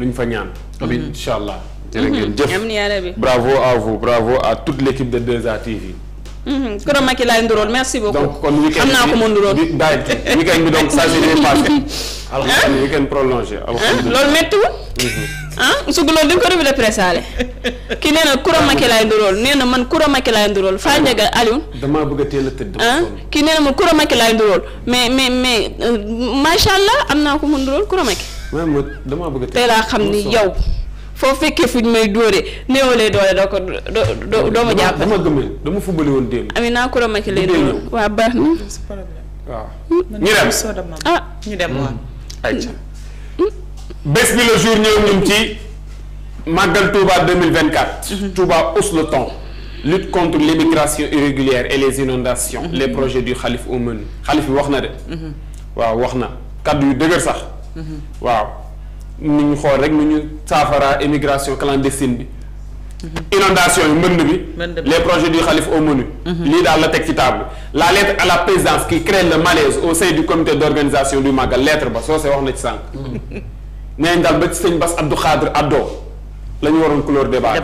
luñ fa ñaan. amiin mhm. incha allah. Mhm. bravo à vous bravo à toute l' équipe de 2A TV. kuréel Macky laay nduróol merci beaucoup. donc kon week-end bi am naa ko mu nduróol. daay week-end bi donc ça s'est passé. alhamdulilah week-end prolongé. alhamdulilah loolu méttiwul. ah su ko revue de presse ki nee na kuréel Macky laay nduróol nee na man kuréel Macky laay nduróol Fa Ndiaga bëgg a teel a tëdd. ah ki nee man kuréel Macky laay nduróol mais mais mais euh, macha allah am naa ko mu nduróol kuréel Macky. même damaa bëgg tey laa xam ni yow foo fekkee fu ñu may dóore néewalee doole doo ko doo doo ma jàpp. dama gëmee dama fubali woon démb. Amina Koura Macky lay nuyu. waaw baax na. waaw ñu dem ah ñu dem waaw. Hmm. Hmm. bés bi le jour ñëw ñun ci màggal Touba 2024. Mhm. Touba hausse le ton. lutte contre l'immigration irrégulière et les inondations. Mhm. les projets du xalif au menu xalif bi wax na de. Mhm. waaw wax na kàddu yu dëgër sax. Mm-hmm. waaw ni ñu xool rek nu ñu saafara émigration clandestine bi. Mm-hmm. inondation yi mbënd bi. les projets du xalif au menu. Mm-hmm. lii daal la teg ci table la lettre à la présidence qui crée le malaise au sein du comité d' organisation du Magal lettre ba soo see wax na ci sànq. nee nañ daal ba ci sëñ Bass Abdou Khadre Abdou la ñu waroon couleur débat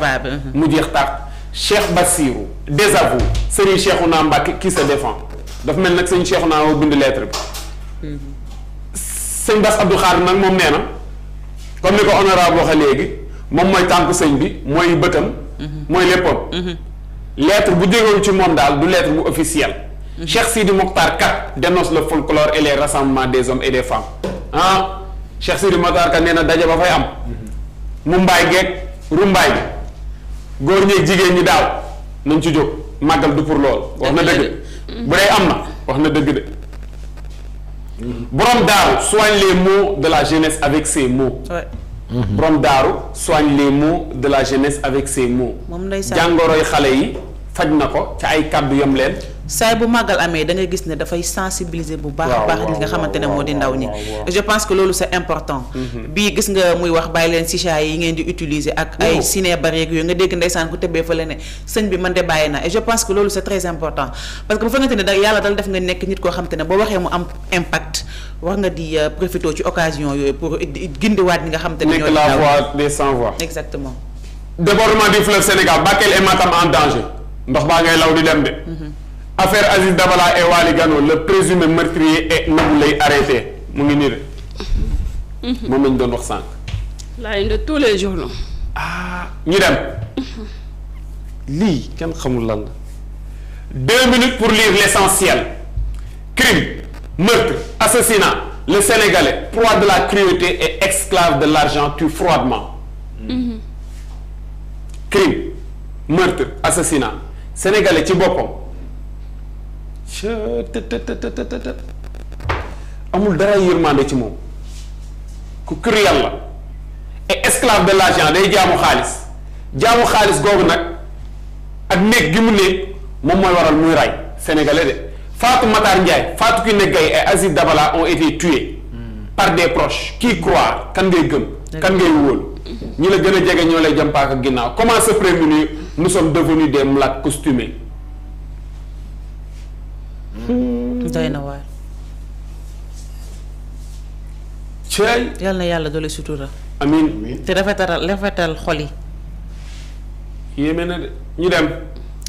mu jeex tàq Cheikh Bassirou désavoue Serigne naa Mbacké qui se défend daf mel nag sëñ Cheikhouna woo bind lettre sëñ Bass Abdou Khadre nag moom nee na comme ni ko honorable waxee léegi moom mooy tànk sëñ bi mooy bëtam mhm. mooy léppam mhm. lettre bu jógewu ci moom daal du lettre bu officielle mhm. Cheikh Sidi Mokhtar Kat dénonce le folklore et les rassemblements des hommes et des femmes ah Cheikh Sidi Kat nee na daje ba fay am mu mbaay geeg rumbaay bi góor ñeeg jigéen ñi daal nañ ci jóg màggal du pour lool wax na dëgg bu dee am na wax na dëgg de borom daaru soigne les maux de la jeunesse avec ses mots. borom daaru soigne les maux de la jeunesse avec ses mots. moom jàngoroy xale yi faj na ko ci ay kàddu yam leen. saay bu màggal amee da ngay gis ne dafay sensibiliser bu baax a baax nga xamante ne moo di ndaw ñi je pense que loolu c'est important mm-hmm. bii gis nga muy wax bàyyi leen sichaa yi ngeen di utilisé ak ay oh. ciné barrières yooyu nga dégg ndeysaan ku tebee fële ne sëñ bi man de bàyyi na et je pense que loolu c'est très important parce que bu fekkente ne da yàlla dal def nga nekk nit koo xamante ne boo waxee mu am impact war nga di euh, profiter ci occasion yooyu pour gindiwaat ñi nga xamante ne ñoo la voix des sans voix exactement débordement du fleuve Sénégal affaire Aziz Dabala et Waly Gano le présumé meurtrier et Nabou Leye arrêté mu ngi nii de. moom lañ doon wax sànq. la une de tous les journaux. ah ñu dem. lii kenn xamul lan la. deux minutes pour lire l'essentiel crime meurtre assassinat le sénégalais proie de la cruauté et esclave de l'argent tue froidement mm-hmm. crime meurtre assassinat sénégalais ci boppam. amul dara yërmande ci moom ku kër yàlla et esclave de l'argent day jaamu xaalis jaamu xaalis googu nag ak néeg gi mu néeg moom mooy waral muy rey sénégalais de Fatou Matar Ndiaye faatu Kiné Gaye et Aziz Dabala ont été tués par des proches qui croire kan ngay gëm kan ngay wóolu ñi la gën a jege ñoo lay jëm paaka ginnaaw comment se prémunir nous sommes devenus des Mm-hmm. na waay. yal na yàlla doole sutura. amiin te rafetal rafetal xol yéeme na de ñu dem.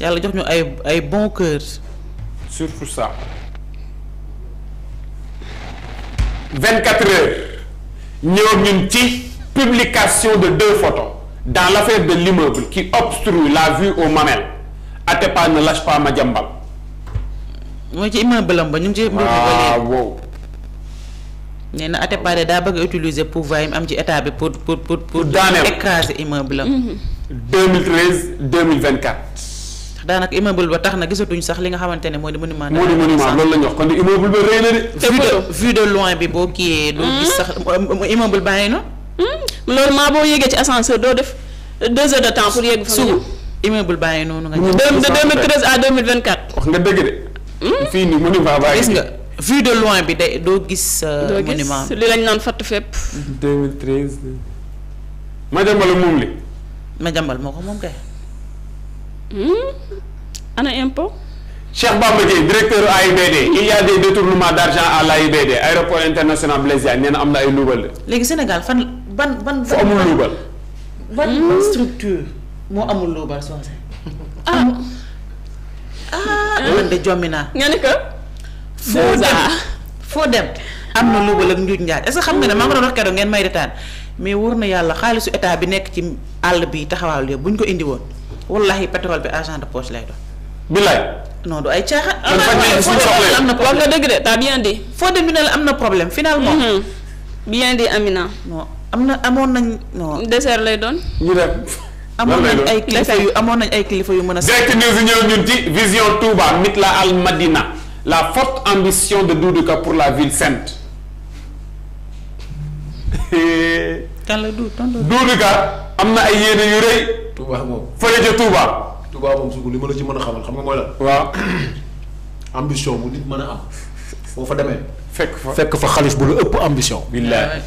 yàlla jox ñu ay ay bon cœur. surtout ça. 24 heures ñëw ñun ci publication de deux photos dans l'affaire de l'immeuble qui obstrue la vue aux mamelles Atépa ne lâche pas Madiambal mooy ci immeuble am ba ñu ngi ci. waaw ah, wow nee na Atepa daa bëgg a utiliser pouvoir yi am ci état bi pour pour pour. pour écraser immeuble am. 2013 mhm. 2024. daanaka immeuble ba tax na gisatuñ sax li nga xamante ne moo di monument. moo loolu la ñu wax kon immeuble ba rëy na mhm. sax immeuble baa ngi noonu. loolu mhm. maa boo yéegee ci de temps pour yegg fa. noonu nga. de 2013 à 2024. wax nga dëgg de. Hmm? fii nii monument baa gis nga vue de loin bi day doo gis. Euh, doo gis li lañ naan fatt fépp. 2013. Madiambal moom li. Madiambal moo ko moom kay. Hmm? ana impôt. Cheikh Bamba Dièye directeur AIBD il y a des détournements d'argent à l'AIBD aéroport international Blaise Diagne nee na am na ay luubal. léegi Sénégal fan ban ban. fu amul luubal. ban hmm? structure moo amul luubal soose. ah ah. man de jommi naa. nga ne ko. foo dem foo dem. am na luubal ak njuuj njaaj est xam nga ne maa ngi wax keroog ngeen may retaan mais wóor na yàlla xaalisu état bi nekk ci àll bi taxawaal yëpp bu ñu ko indi woon wallahi pétrole bi argent de poche lay doon. bilaay. non du ay caaxaan. am na wax nga dëgg de foo dem ñu ne la am na problème finalement. Mm-hmm. bien dit Amina. non am na amoon nañ non. dessert lay doon. amoon nañ ay kilifa yu amoon nañ ay kilifa yu mën a. direct news ñëw ñun ci vision Touba Mitla al Madina la forte ambition de Doudou Ka pour la ville sainte. kan la Doudou Doudou Ka am na ay yéene yu rëy. Touba moom fële ca Touba. Touba moom su li ma la ci mën a xamal xam nga mooy lan. waaw ambition bu nit mën a am boo fa demee. fekk fa fekk fa xalif bu lu ëpp ambition. billaahi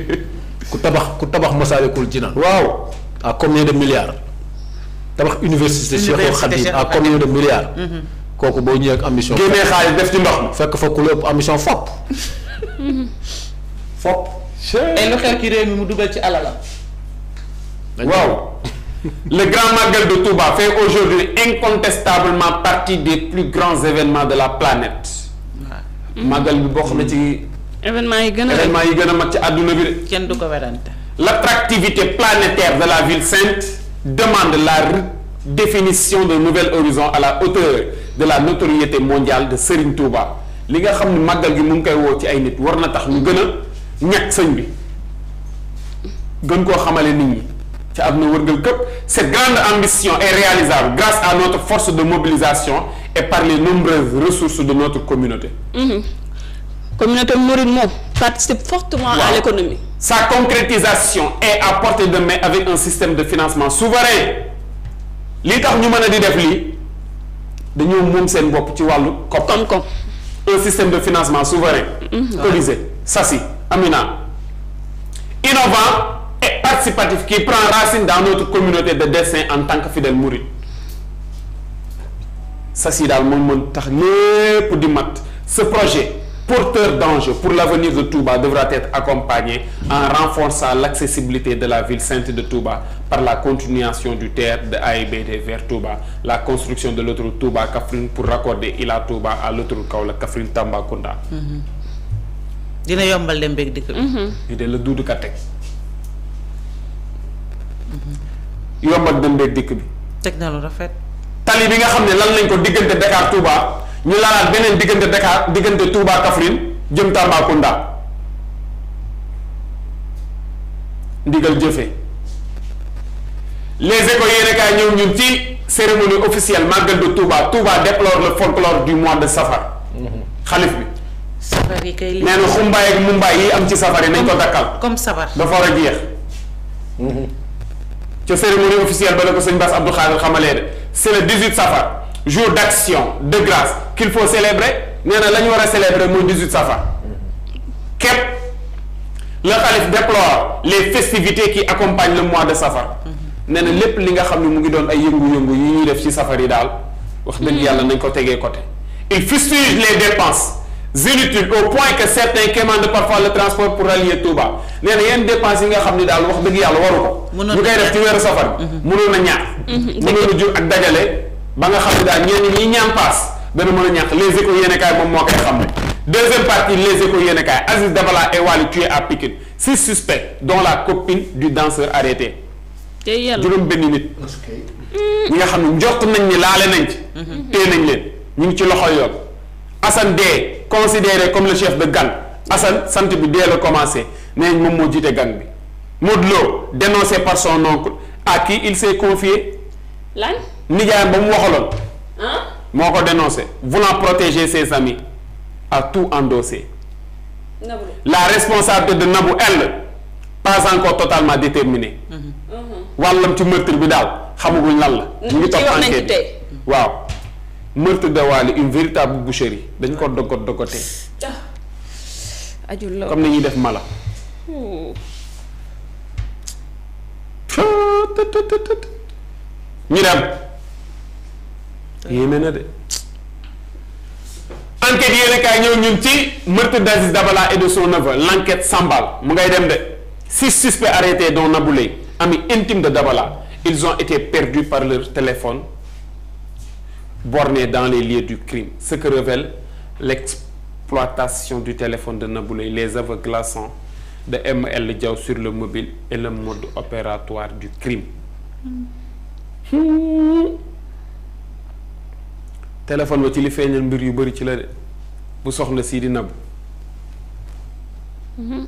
ku tabax ku tabax Masaalikul Jinaan waaw. à combien de milliards tabax université Cheikhoul Khadim à combien de milliards mhm. kooku boo ñëwee ak ambition génnee xaalis def ci ndox mi fekk fa ku la ëpp ambition fopp fopp et lu xew ci réew mi mu dugal ci alalam waaw le grand magal de Touba fait aujourd'hui incontestablement partie des plus grands événements de la planète màggal bi bokk na mm. ci événement yi gën a yi gën a mag ci àdduna bi de kenn du ko werante l'attractivité planétaire de la ville sainte demande la définition de nouvel horizon à la hauteur de la notoriété mondiale de Serigne Touba li nga xam ne màggal gi mu ngi koy woo ci ay nit war na tax ñu gën a ñàkk sëñ bi gën koo xamale nit ñi ca am na wërngal këpp cette grande ambition est réalisable grâce à notre force de mobilisation et par les nombreuses ressources de notre communauté. Mmh. communauté mouride moom participe fortement wow. à l'économie. Sa concrétisation est à portée de main avec un système de financement souverain li tax ñu mën a di def lii dañoo moom seen bopp ci wàllu koppar. koom un système de financement souverain. Mhm, colisé sassi amina innovant et participatif qui prend racine dans notre communauté de destin en tant que fidèle mouride sassi daal moom mën tax lépp di mat ce projet. porteur d'enjeu pour l'avenir de Touba devra être accompagné en renforçant l'accessibilité de la ville sainte de Touba par la continuation du TER de AIBD vers Touba, la construction de l'autoroute Touba Kaffrine pour raccorder Ila Touba à l'autoroute Kaolack Kaffrine Tambacounda. Mm-hmm. dina yombal dem beeg dëkk bi. Mm-hmm. la duudu ka teg. Mm-hmm. yombal dem beeg dikk bi. teg na lu rafet. tali bi nga xam ne lan lañ ko diggante Dakar Touba. ñu laalaat beneen diggante Dakar diggante Touba Kaffrine jëm Tambacounda ndigal jëfe les échos yéen kaay ñëw ñun ci cérémonie officielle màggal de Touba Touba déplore folklore du mois de safar. xalif bi. safar yi kay nee xumbaay mumbaay yi am ci safar yi nañ ko dakkal. comme safar dafa war a jeex. Mhm. ca cérémonie officielle ba la ko sëñ Bass Abdou Khadre xamalee de c'est le 18 safar. jour d'action de grâce qu'il faut célébrer nee na la ñu war a célébrer mooy 18 safar képp le xalif déplore les festivités qui accompagnent le mois de safar nee na lépp li nga xam ne mu ngi doon ay yëngu-yëngu yu ñu def ci safar yi daal wax dëgg mm. yàlla nañ ko tegee côté il fustige les dépenses inutiles point que certains quémandent parfois le transport pour rallier Touba nee na yenn dépenses yi nga xam ni daal wax dëgg yàlla waru ko ñu koy def ci weeru safar mm-hmm. mënoon a ñaar mm-hmm. mënoon jur ak dajale ba nga xam ne daal ñenn ñi ñaan paas dana mën a les échos yéen moom moo koy xam ne deuxième partie les échos yéen kaay Aziz Dabala et Wali tué à Pikine six suspects dont la copine du danseur arrêté. tey yàlla juróom benn nit. ñi nga xam ne njort nañ ni laale nañ ci. Mm-hmm. téye nañ leen ñu ngi ci loxo yoon. Assane Deye considéré comme le chef de gang Assane sant bi dee la commencé nee moom moo jiite gang bi Modou Lo dénoncé par son oncle à qui il s'est confié. lan. nijaayam ba mu waxaloon. moo ko dénoncé voulant protéger ses amis a tout endossé. Nabou. la responsabilité de Nabou elle pas encore totalement déterminée. wàllam ci meurtre bi daal xamaguñ lan la. ñu ngi topp enquête waaw. meurtre de Wally une véritable boucherie dañ ko dogot dogotee. Ah. ajul comme ni def mala. Hmm. ñu dem. yéeme na de. enquête yéen kaay ñëw ñun ci meurtre d'Aziz Dabala et de son neveu l'enquête s'emballe mu ngay dem de six suspects arrêtés dont Nabou Leye ami intime de Dabala ils ont été perdus par leur téléphone borné dans les lieux du crime ce que révèle l'exploitation du téléphone de Nabou Leye les aveux glaçants de ML Diaw sur le mobile et le mode opératoire du crime. Hmm. téléphone ba ci li feeñal mbir yu bari ci la de bu soxna sii di nab mm-hmm.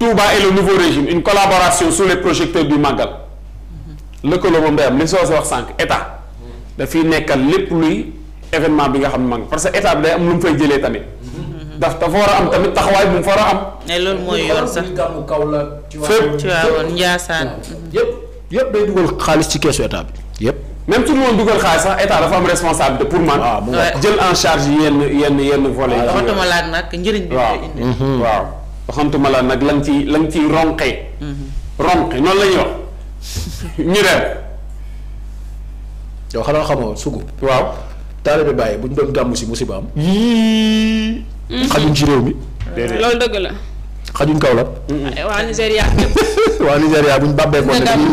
Touba et le nouveau régime une collaboration sous les projecteurs du Magal mm-hmm. lëkkaloo ba mbéyam li soo si wax sànq état dafiy nekkal lépp luy événement bi nga xam ne mag parce que état day am lu mu fay jëlee tamit mm-hmm. daf dafa war a am tamit taxawaay bu mu fa war a am. mais loolu mooy yoon sax fépp Tiwaawan Njaasaan yëpp. yëpp day dugal xaalis ci keesu état bi yëpp. même su ñu doon dugal xaalis sax état dafa am responsabilité pour man. Ah, jël en charge yenn yenn yenn volets yi. Ah, waxantuma laa nag njëriñ bi lay indi. Mm-hmm. waaw waxantuma laa nag la nga ciy la nga ciy ronqee. Mm-hmm. ronqee noonu la ñuy wax ñu dem. yow xanaa xamoo sugu. doon gàmmu si musibaam. yii. xajuñ ci réew mi. loolu dëgg la. xajuñ Kaolack. waa Nigéria. waa Nigéria buñ bàbbee ko ne dañuy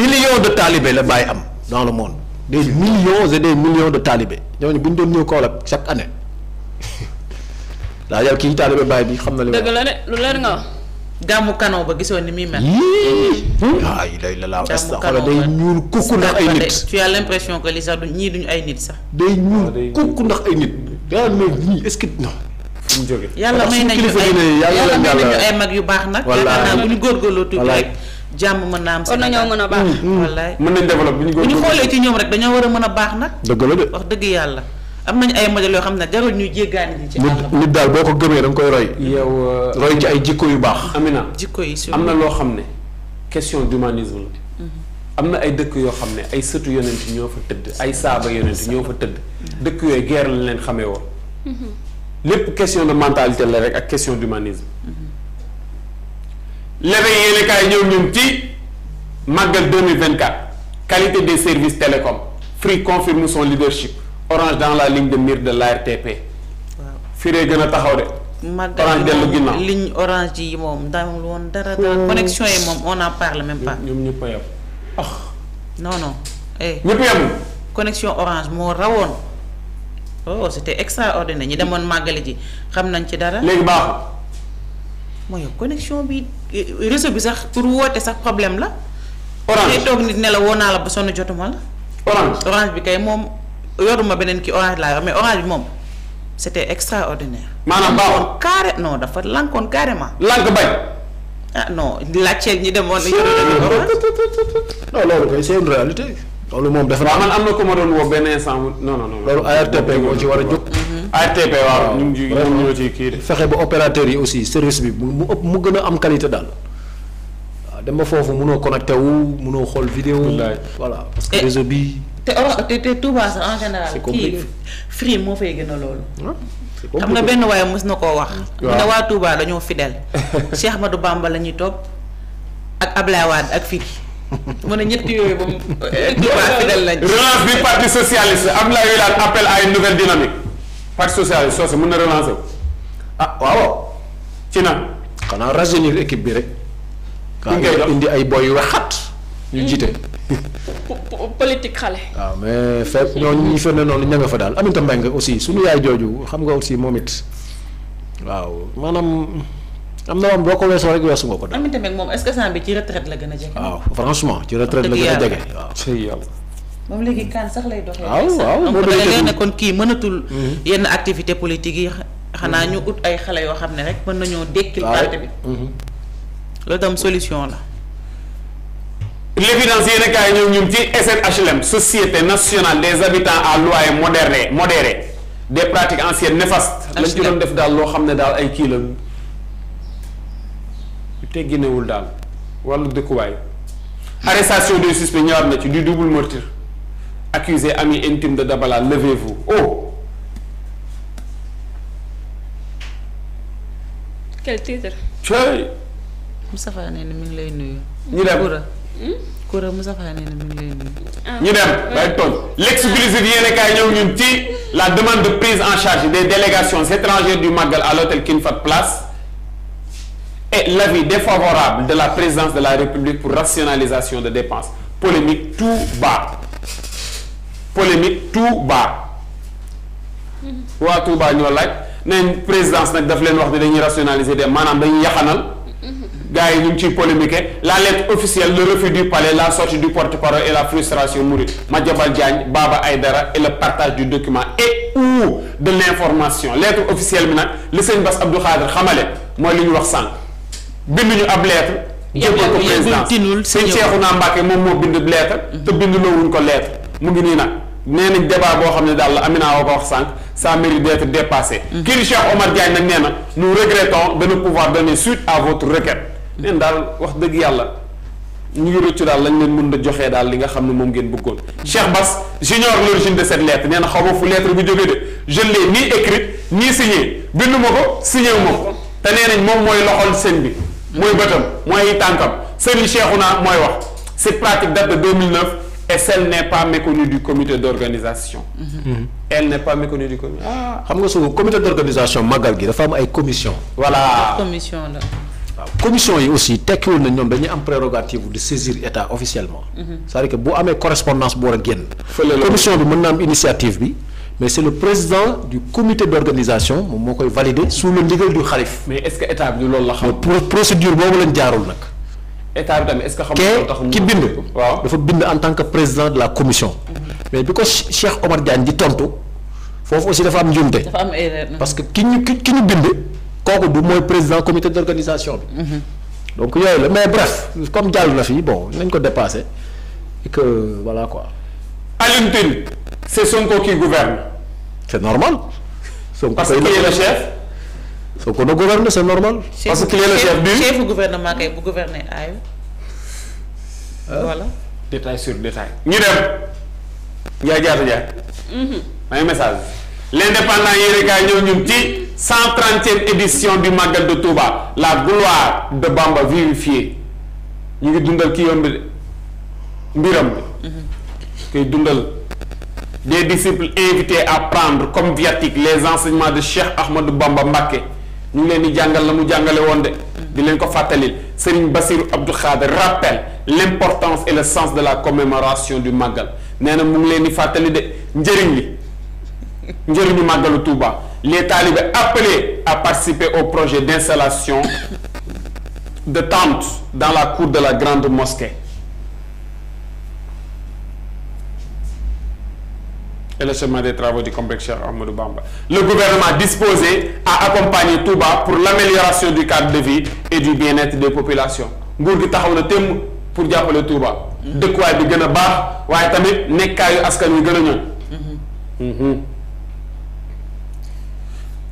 ñëw de. des la Baye am dans le monde. des millions et des millions de bu ñu doon ñëw Kaolack chaque année daa jàll kii talibé Baye bi xam na li. dëgg la de lu leer nga wax. gàmmu kanoo ba gisoo ni muy mel. waaw lay la laaw. gàmmu kanoo day ñuul kukku ndax ay nit. tu as l'impression que li sax du ñii duñu ay nit sax. day ñuul kukku ndax ay nit. daal mais ñii est yàlla may nañu ay yàlla may ay mag yu baax nag. wallaay yaakaar naa bu ñu góorgóorloo tuuti rek. jàmm ma naa am kon nañoo mën a baax. Mm, mm. wallaay mën nañ développé bu ñu góorgóorloo bu ñu xoolee rek dañoo war a mën a baax nag. dëgg la de wax dëgg yàlla. am nañu ay modèles yoo xam ne jarul ñuy jéggaani ji. ci nit daal boo ko gëmee da koy roy. yow euh, roy ci ay jikko yu baax. Amina jikko yi si am na loo xam ne question d'humanisme la am na ay dëkk yoo xam ne ay sëtu yonent ñoo fa tëdd ay saaba yonent ñoo fa tëdd dëkk yooyu guerre lañ leen xamee woon lépp question de mentalité la rek ak question d'humanisme leve yéene kaay ñoom ñun ci màggal 2024 qualité des service télécom Free confirme son leadership Orange dans la ligne de mire de l'ARTP waaw firee gën a taxaw de orange dellu ginnaaw ligne orange yi moom da moom lu woon dara dara connexion yi moom on en parle même ñoom ñëpp ah. non non. Eh. ñëpp yem. connexion orange moo rawoon. oh c'était extraordinaire ñi demoon màggale ji xam nañ ci dara. léegi baaxul. mooy connexion bi eh, réseau bi sax pour woote sax problème la. orange tey toog nit ne la woo naa la ba sonn jotuma la. orange orange bi kay moom yoruma beneen ki orange laa yor mais orange bi moom c'était extraordinaire. maanaam baaxoon carré non dafa lankoon carrément. lank bay ah non laajteel ñi demoon nañu. non loolu kay c'est réalité. loolu moom defe naa man am na ko ma doon woo benn instant non non non. loolu ARTP moo ci war a jóg. Mm-hmm. ARTP waaw ñu ngi ñoo ci kii fexe ba opérateur yi aussi service bi mu ëpp mu gën a am qualité daal. waaw dama foofu munoo connecté wu munoo xool vidéo. voilà parce réseau bi. te or oh, te te Touba sax en général. c'est compliqué kii Free moo fay gën a loolu. xam nga benn waaye mos na koo wax. waaw ne waa Touba dañoo fidèle. Cheikh Ahmadou Bamba la ñuy topp ak Ablaye Wade ak fii. mu ne ñett yooyu moom. Touba fidèle lañ. relance bi parti socialiste am la yooyu appel à une nouvelle dynamique. parti socialiste soosu mën na relancer ah waaw ci nag. xanaa rajeunir équipe bi rek. indi ay boy yu waxat ñu jiite. politique xale. waaw ah, mais fekk ñooñu ñu fa ne noonu ña nga fa daal Aminata Mbengue aussi suñu yaay jooju xam nga aussi moom it waaw maanaam am na woon boo ko weesoo rek weesu nga ko. Aminata Mbengue moom est-ce que sang bi ci retraite la gën a jege. waaw ah, franchement ci retraite la gën a jege waaw moom léegi kan sax lay doxee. Ah, waaw waaw boo doon ne kon kii mënatul. Mhm. yenn activité politique yi xanaa mhm. ñu ut ay xale yoo xam ne rek mën nañoo dékkil parti bi. Mhm. loolu tam solution la. l'évidence yéen kaay ñoom ñun ci SNHLM société nationale des habitants à loyer modéré modéré des pratiques anciennes néfastes. lañ ci def daal loo xam ne daal ay kii la lu tegginewul daal wàllu dëkkuwaay. arrestation des suspects ñëwaat na ci du double meurtre accusé ami intime de Dabala levez-vous oh. quel titre. Moustapha ne mi ngi lay nuyu. ñu dem Koura Moussa Faye nee na mi ngi lay nuyu. Ah. ñu dem bay toog l'exclusif yéen kaay ñëw ñun ci la demande de prise en charge des délégations étrangères du Magal à l'hôtel King Fahd Place et l'avis défavorable de la présidence de la République pour rationalisation de dépenses polémique tout bas polémique tout bas. Mm-hmm. waa Touba ñoo laaj nañ présidence nag daf leen wax ne dañuy rationaliser dem maanaam dañu yaxanal. gars yi ñu ngi ciy polémiquer la lettre officielle le refus du palais la sortie du porte-parole et la frustration mouride Madiambal Diagne Baba Aïdara et le partage du document et ou de l'information lettre officielle bi nag li sëñ Bass Abdou Khadre xamale mooy li ñu wax sànq binduñu ab lettre jébbal ko présidence sëñ Cheikhouna Mbacké moom moo bind lettre te binduloowuñ ko lettre mu ngi nii nag nee nañ débat boo xam ne daal la Amina woo ko wax sànq ça mérite d'être dépassé. nee na nous regrettons de ne pouvoir donner leen daal wax dëgg yàlla ñu ngi rëccu daal lañ leen mën a joxee daal li nga xam ne moom ngeen bëggoon Cheikh Bass j'ignore l'origine de cette lettre nee na xaw ma fu lettre bi de je l'ai ni écrite ni signée bindu ma ko moom mooy loxol seen bi mooy bëtam mooy tànkam seen li Cheikhouna mooy wax et celle n'est pas méconnue du comité d'organisation mm-hmm. elle n'est pas méconnue du comité ah. xam nga soo comité d'organisation màggal gi dafa am ay commission voilà commission la commission yi aussi tekkiwul na ñoom dañuy am prérogative de saisir état officiellement. Mhm. c'est-à-dire que bu amee correspondance bu war a génn. commission bi mën na am initiative bi. mais c'est le président du comité d'organisation moom moo koy valider sous le ndigal du xalif. mais est-ce que état bi loolu la xam. procédure boobu lañ jaarul nag. que ki bind. dafa bind en tant que président de la commission. Mhm. mais bi ko Cheikh Omar Diagne di tontu foofu aussi dafa am njuumte. parce que ki ñu ki ñu kooku du mooy président comité d' organisation bi. donc yooyu la mais bref comme jàll na fii bon nañ ko dépassé et que voilà quoi. Alioune Tine c' est Sonko qui normal. Sonko parce que il est le chef. Sonko na gouverne c' chef du kay bu gouverner aayu. Ah. voilà. sur détail. ñu dem. yaa jaata jaay. Mhm. ay message l' indépendant yéen a kaay ñëw ñun ci. 130e édition du Magal de Touba la gloire de Bamba vivifiée ñu ngi dundal ki yomb de mbiram bi mhm. koy dundal des disciples invités à prendre comme viatique les enseignements de Cheikh Ahmadou Bamba Mbacké ñu ngi leen di jàngal la mu jàngale woon de di leen ko fàttali Serigne Bassirou Abdou Khader rappelle l'importance et le sens de la commémoration du màggal nee na mu ngi leen di fàttali de njëriñ li njëriñu Magalu Touba les talibés appelés à participer au projet d'installation de tentes dans la cour de la grande mosquée. et le chemin des travaux du complexe Cheikh Ahmadou Bamba. Le gouvernement disposé à accompagner Touba pour l'amélioration du cadre de vie et du bien-être des populations nguur gi taxaw na temm pour jàppale Touba. Mm-hmm. dëkkuwaay bi gën a baax waaye tamit nekkaayu askan wi gën a ñoom. Mm-hmm. Mm-hmm.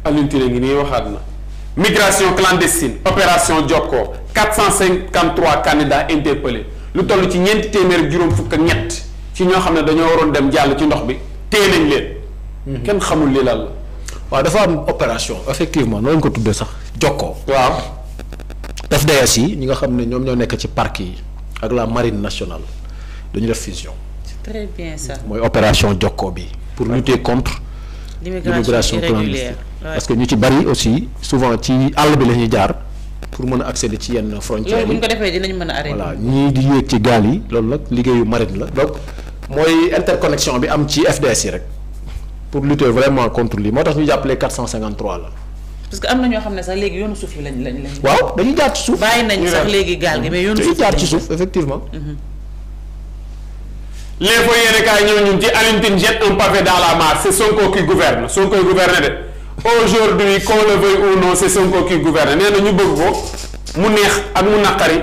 Alioune Tine ngi nii waxaat na migration clandestine opération Jokkoo 453 candidats interpellés lu toll ci ñeenti téeméer juróom fukk ak ñett ci ñoo xam ne dañoo waroon dem jàll ci ndox bi téye nañ leen. Mhm. kenn xamul li lal la. waaw dafa am opération effectivement noonu ko tuddee sax Jokkoo. waaw FDS yi ñi nga xam ne ñoom ñoo nekk ci parc yi ak la marine nationale dañu def fusion. c'est très bien mooy opération Jokkoo bi. pour lutter contre l'immigration clandestine parce que ñu ci bari aussi souvent ci àll bi la ñuy jaar pour mën a accéder ci yenn frontières yi loolu bu ñu ko defee dinañ mën a arrêter voilà ñii di yéeg ci gaal yi loolu nag liggéeyu marine la. donc mooy interconnexion bi am ci FDS yi rek pour lutter vraiment contre lii moo tax ñu jàppale 453 la. parce que am na ñoo xam ne sax léegi yoonu suuf yi lañ lañ lañ. waaw dañuy jaar ci suuf. bàyyi nañ sax léegi gaal gi mais yoonu suuf jaar ci suuf effectivement. Mhm. les foyers de cas ñëw ñun ci Alioune aujourd'hui qu'on le veuille ou non c'est Sonko qui gouverne nee na ñu bëgg ko mu neex ak mu naqari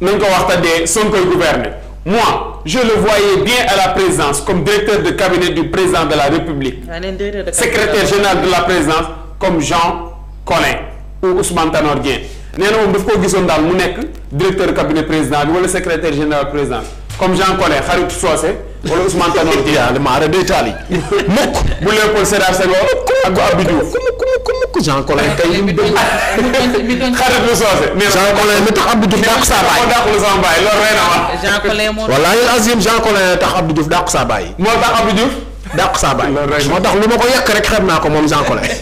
nañ ko waxta dee Sonkoy gouverner moi je le voyais bien à la présidence comme directeur de cabinet du président de la République secrétaire général de la présidence comme Jean Collin ou Ousmane Tanor Dieng nee na moom daf koo gisoon daal mu nekk directeur cabinet président bi wala secrétaire général président comme Jean Collin xaritu Socé wala Ousmane Tanor Dieng le maire des taal yi. mukk bu Léopold Sédar Senghor ak bu Abdou Diouf mukk Jean Collin kay xarit lu soose. Jean Collin mi tax Abdou Diouf dàq saa baay. moo dàq lu baay moo wala yéen moo tax Abdou moo tax lu rek xam naa ko moom Jean Collin. si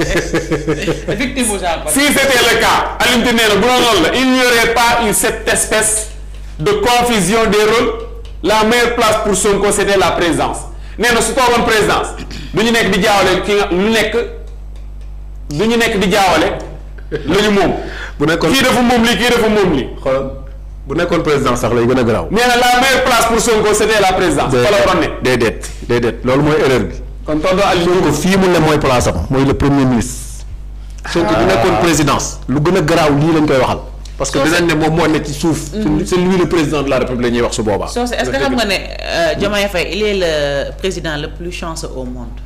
c'était le cas. Alioune Tine nee na bu doon la il pas une cette espèce de confusion des rôles. la meilleure place pour Sonko c'était la présidence nee na su toogoon présidence du ñu nekk di jaawale ki lu nekk du ñu nekk di jaawale lu ñu moom. bu nekkoon kii dafa moom lii kii dafa moom lii. bu nekkoon présidence sax lay gën a garaaw. nee na la meilleure place pour Sonko c'était la présidence. fa la waroon ne déedéet déedéet loolu mooy erreur bi. kon tonton Aliou ko fii mu ne mooy place mooy le premier ministre. Sonko bu nekkoon présidence. lu gën a garaaw lii lañ koy waxal. parce que dinañ ne moom moo ne ci suuf. Mm-hmm. c'est lui le président de la république ñuy wax su boobaa. soo est-ce que xam nga ne euh, mm-hmm. Diomaye Faye il est le président le plus chanceux au monde.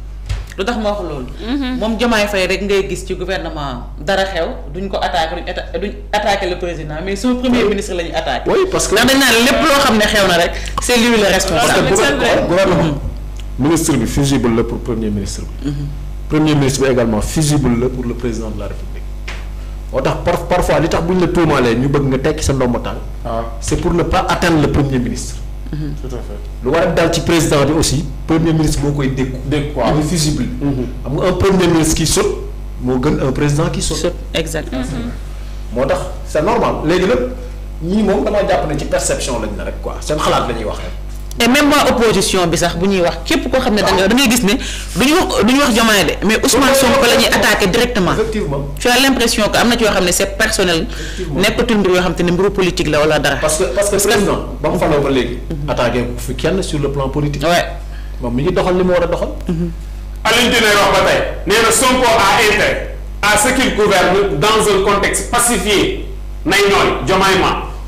lu tax ma wax loolu. Mm-hmm. moom Diomaye Faye rek ngay gis ci gouvernement dara xew duñ ko attaqué duñ atta duñ attaqué le président mais son premier ministre la ñuy attaqué. oui parce que ndax dañ naan lépp loo xam ne xew na rek. c'est lui le responsable. parce que gouvernement ministre bi fusible la pour premier ministre bi. premier ministre bi également fusible la pour le président de la république. moo tax par parfois li tax bu ñu la tuumaalee ñu bëgg nga tekki sa ndombo tànk. waaw ah. c' est pour ne pas atteindre le premier ministre. Mm-hmm. tout à fait lu war a daal ci président bi aussi premier ministre moo koy dégg. dégg quoi il est fusible. Mm-hmm. xam nga un premier ministre qui saute moo gën un président qui saute. saute exactement. Mm-hmm. moo tax c' est normal léegi nag ñii moom damaa jàpp ne ci perception lañ na rek quoi seen xalaat la ñuy wax rek. te même waa opposition bi sax bu ñuy wax képp koo xam ne da nga da ngay gis ne du ñu wax du ñu wax Diomaye de mais Ousmane Sonko la ñuy directement. effectivement tu am na ci ne nekkatul mbir yoo xam te ne mbiru politique la wala dara. parce que parce que président ba mu faloo ba léegi. Mhm. attaqué ko fi kenn sur le plan politique. waaw moom mi ngi doxal li mu war a doxal. Mhm. Alioune Tine wax ba tey nee na a intérêt à ce qu'il gouverne dans un contexte pacifié nay ñooy Diomaye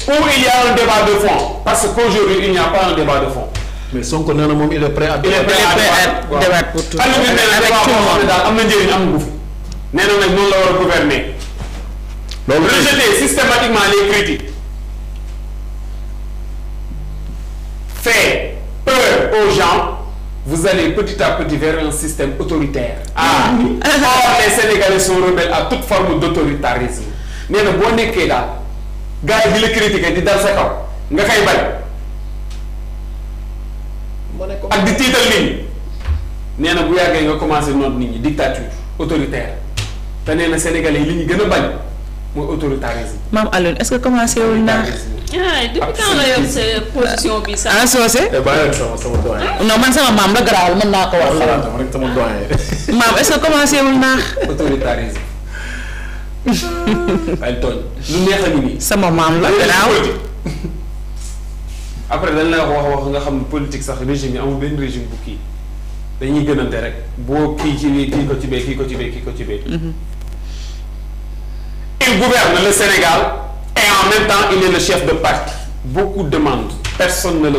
où il y a un débat de fond parce qu'aujourd'hui il n'y a pas un débat de fond. mais Sonko nee na moom il est prêt à. il est prêt à débat pour tout. avec tout daal am na njëriñ am nguuf. nee na nag noonu la war a gouverner. loolu rejeter systématiquement les critiques. faire peur aux gens. vous allez petit à petit vers un système autoritaire. ah or les Sénégalais sont rebelles à toute forme d'autoritarisme nee na boo nekkee daal. gars yi di la critiquer di dal sa kaw nga koy bañ. ak di tiital nit ñi nee na bu yàggee nga commencé noot nit ñi dictature autoritaire te nee na sénégalais yi gën a bañ mooy autoritarisme. maam Alioune est-ce que commencé wul naa. ah depuis quand la yor position bi sax. ah soose. Eh, ah. non man sama maam la garaawul mën naa ko wax. maam est que commencé wul naa. autoritarisme. ay tooñ lu neex a ngi nii. sama maam la garaaw après dañ lay wax wax nga xam ne politique sax régime yi amul benn régime bu kii dañuy gënante rek boo kii ci lii kii ko ci bee kii ko ci kii ko ci bee. Mhm. il gouverne le Sénégal et en même temps il est le chef de parti. beaucoup demandent personne ne le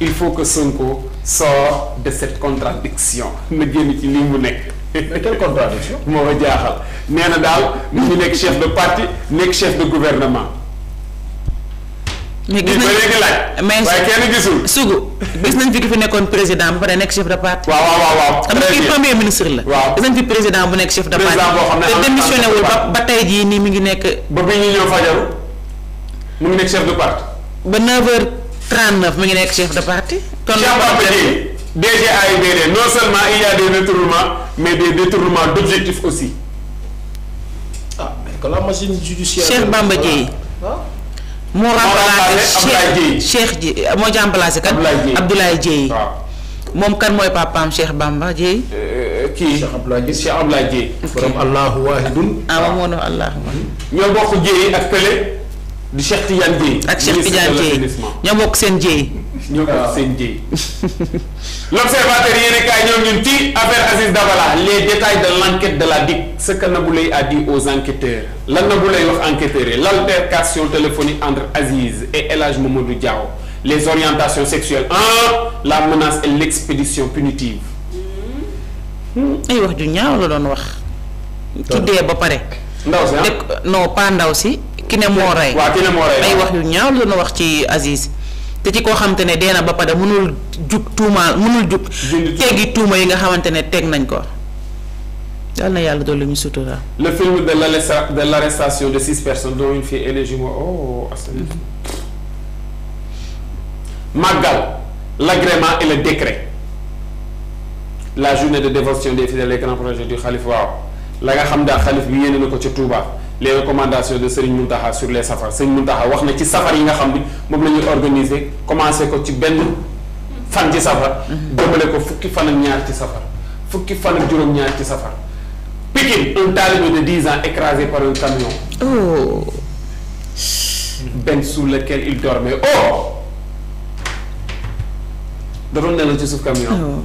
il faut que ko sorte de cette contradiction na génn ci lii mu nekk. mais quelle contradiction moo ma jaaxal nee na daal nit ñi nekk chef de parti nekk chef de gouvernement. mais gis nañu laaj. mais waaye kenn gisul. sugu gis nañ fi ki fi nekkoon président ba pare nekk chef de parti. waaw waaw waaw xam nga kii premier ministre la. waaw gis nañ fi président bu nekk chef de. parti te démissionné wul ba ba jii nii mi ngi nekk. ba bi ñuy ñëw fajaru mu ngi nekk chef de parti. ba 9h39 mi ngi nekk chef de parti. kon d non seulement il y a des détournements, mais des détournements d'objectifs aussi. Ah, mais que la machine judiciaire. Cheikh Bamba Dièye. moo euh, remplacé kan. Abdoulaye Dièye ah. moom kan mooy papaam Cheikh Bamba Dièye. Euh, euh, kii Cheikh Abdoulaye Dièye Cheikh Abdoulaye Dièye. borom Allahu Wahidun. ah waaw moo Allahu ñoo bokk Dièye ak Pélé di Cheikh Tidiane Dièye. ak ñoo bokk seen j ñoo ko wax seen ñun ci affaire Aziz Dabala les détails de l'enquête de la DIC ce que Nabou Leye a dit aux enquêteurs lan bu lay wax enquêteurs la l'altercation téléphonique entre Aziz et El Hadj Mamadou Diaw les orientations sexuelles un la menace et l'expédition punitive. ay wax ju ñaaw la doon wax. ki ba pare. ndaw si ah non pas ndaw si. ki ne moo rey ay wax yu ñaaw la doon wax ci Aziz. te ci koo xamante ne dee na ba pare mënul jug tuumaal mënul jug. teggi tuuma yi nga xamante ne teg nañ ko. yal na yàlla dolli ñu sutura. le film de l' de l' arrestation de six personnes dont une fille et les jumeaux oh Magal l'agrément et le décret la journée de dévotion des fidèles les grands projet du xalif waaw la nga xam daal xalif bi yéene na ko ca Touba. les recommandations de Serigne Mountakha sur les safar Serigne Mountakha wax na ci safar yi nga xam ni moom la ñuy organiser commencé ko ci benn fan ci safar. jëmale ko fukki fan ak ñaar ci safar fukki fan ak juróom-ñaar ci safar Pikine un talibé de 10 ans écrasé par un camion. oh. benn sous lequel il dormait oh. da doon nelaw ci suuf camion. Oh.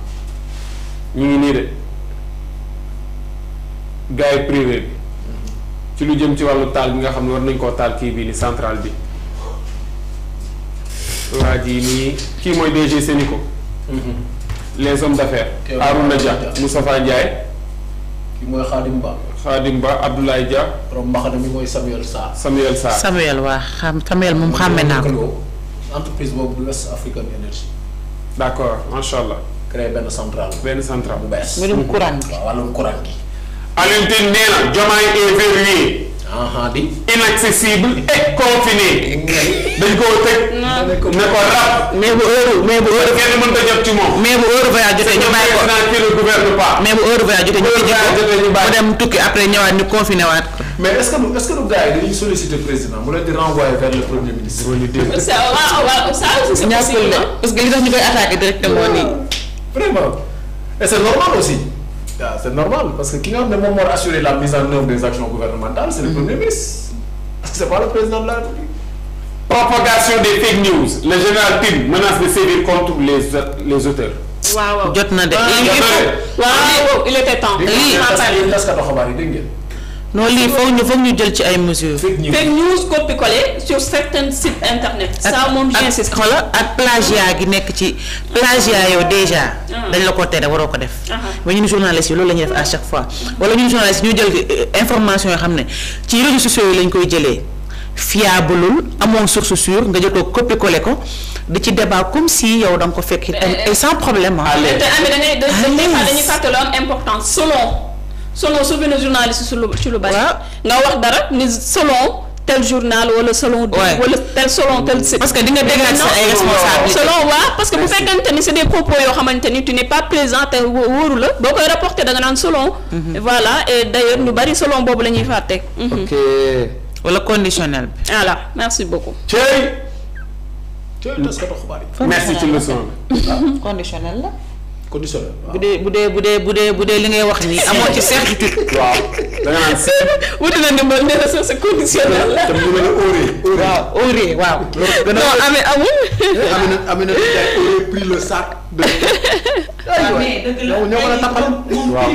ñu ngi nii de gars yi privé bi ci lu jëm ci wàllu taal bi nga xam ne war nañ koo taal kii bii ni centrale bi waa jii nii kii mooy DG Sénico mhm. les hommes d'affaires Arouna Dia Moustapha Ndiaye kii mooy Khadim Ba Khadim Ba Abdoulaye Dia borom mbaxana mi mooy Samuel Sarr Samuel Sarr Samuel waa xam moom xàmme naa ko boobu du West African d'accord macha allah créé benn centrale. benn centrale bu bees. mbirum courant bi waaw wàllum courant bi. Alioune Tine nee na Diomaye est verrouillé. di. inaccessible et confiné. dañ koo tëj. ne ko rab. mais bu heure mais bu heure. kenn mënut a jot ci moom. mais bu heure voyage jotee ñu bàyyi ko mais bu heure voyage jotee ñu ko mu dem tukki après ñëwaat ñu confiné waat ko. mais est ce que du est ce que du gars yi dañuy solliciter président mu leen di renvoyer vers le premier ministre. parce que li tax ñu koy attaqué directement nii. vraiment et c' est normal aussi waaw c' est normal parce que ki nga xam ne moom moo assurer la mise en œuvre des actions gouvernementales c' est le premier ministre parce que c' est pas le président de la République propagation des fake news le général Tine menace de sévir contre les les auteurs. waaw waaw jot na de. waaw waaw il était temps. lii taskatu xabaar yi dégg ngeen. non lii foog ñu foog ñu jël ci ay mesures. fake news fake news copier-coller sur certains sites ak plagiat gi nekk ci plagiat yow déjà. dañ la ko tere waroo ko def. ba ñun journaliste yi loolu la ñuy def à chaque fois. wala ñun journaliste ñu jël information yoo xam ne ci réseaux sociaux lañ koy jëlee fiableul amoon source sûre nga jël ko copier ko. di ci débat comme si yow da ko fekk. et sans problème ah. te am dañuy selon souvenir journaliste su lu ci lu bari. nga wax dara ni selon tel journal wala selon. wala tel selon tel. parce que di nga dégg sa parce que bu fekkente ni c'est des propos yoo xamante ni tu n'es pas présent te wóoru la boo koy rapporté da naan selon. Mhm. voilà et d'ailleurs ñu bari selon boobu la ñuy fàtte. Mhm. ok wala conditionnel bi. voilà merci beaucoup. Thierry. Thierry taskatu xibaar yi. merci ci leçon la conditionnel la. conditionnel bu dee bu dee bu dee bu dee bu dee li ngay wax nii amoo ci certitude. waaw da nga seet. wuti na ne ma sa conditionnel la. te mu ne auré. waaw auré waaw. non amee amul. Amina Amina Ndiaye auré pris le sac de. aywa ah, ñoo mën a tàmbali. waaw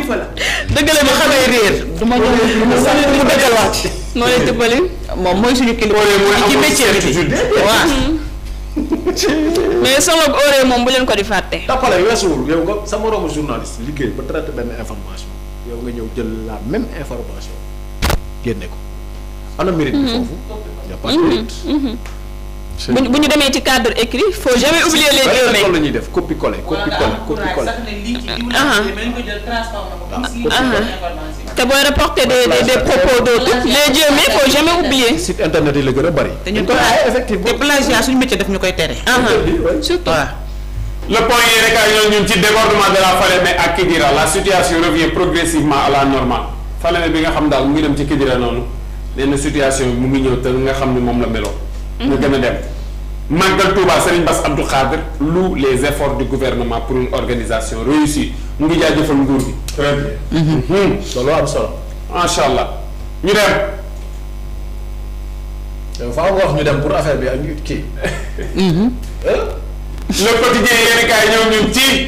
dëgg la ñu xamee réer. ma ñëw mu dëggal wax ci. noo moom mooy suñu kilifa. auré mooy amul certitude ci métier bi waaw. mais soxla bu óoree moom bu leen ko di fàtte. tappale weesuwul yow nga sa moroomu journaliste liggéey ba traité benn information yow nga ñëw jël la même information génne ko. ana mérite bi mhm. foofu. Mhm, mhm. bu ñu demee ci cadre écrit foo jamais oublier les guillemets. loolu la ñuy def copier coller copier coller copier coller. te booy reporter des des des propos d'autres les dieux mais faut jamais oublier. site internet a bari. dañu ko ay effectivement ah, ñun ci débordement de la Falémé ak Kidira la situation revient progressivement à la normale bi nga xam daal mu ngi dem ci Kidira noonu nee na situation bi mu ngi ñëw te nga xam ni moom la melo ñu mm-hmm. gën a dem. Màggal Touba Serigne Bass Abdou Khadre loue les efforts du gouvernement pour une organisation réussie. mu ngi jaajëfal nguur gi. très bien. Mhm. loolu am solo. macha allah ñu dem. faaw nga dem pour affaire bi ak ñu kii. Mhm. le quotidien yenn kaay ñoom ñun ci.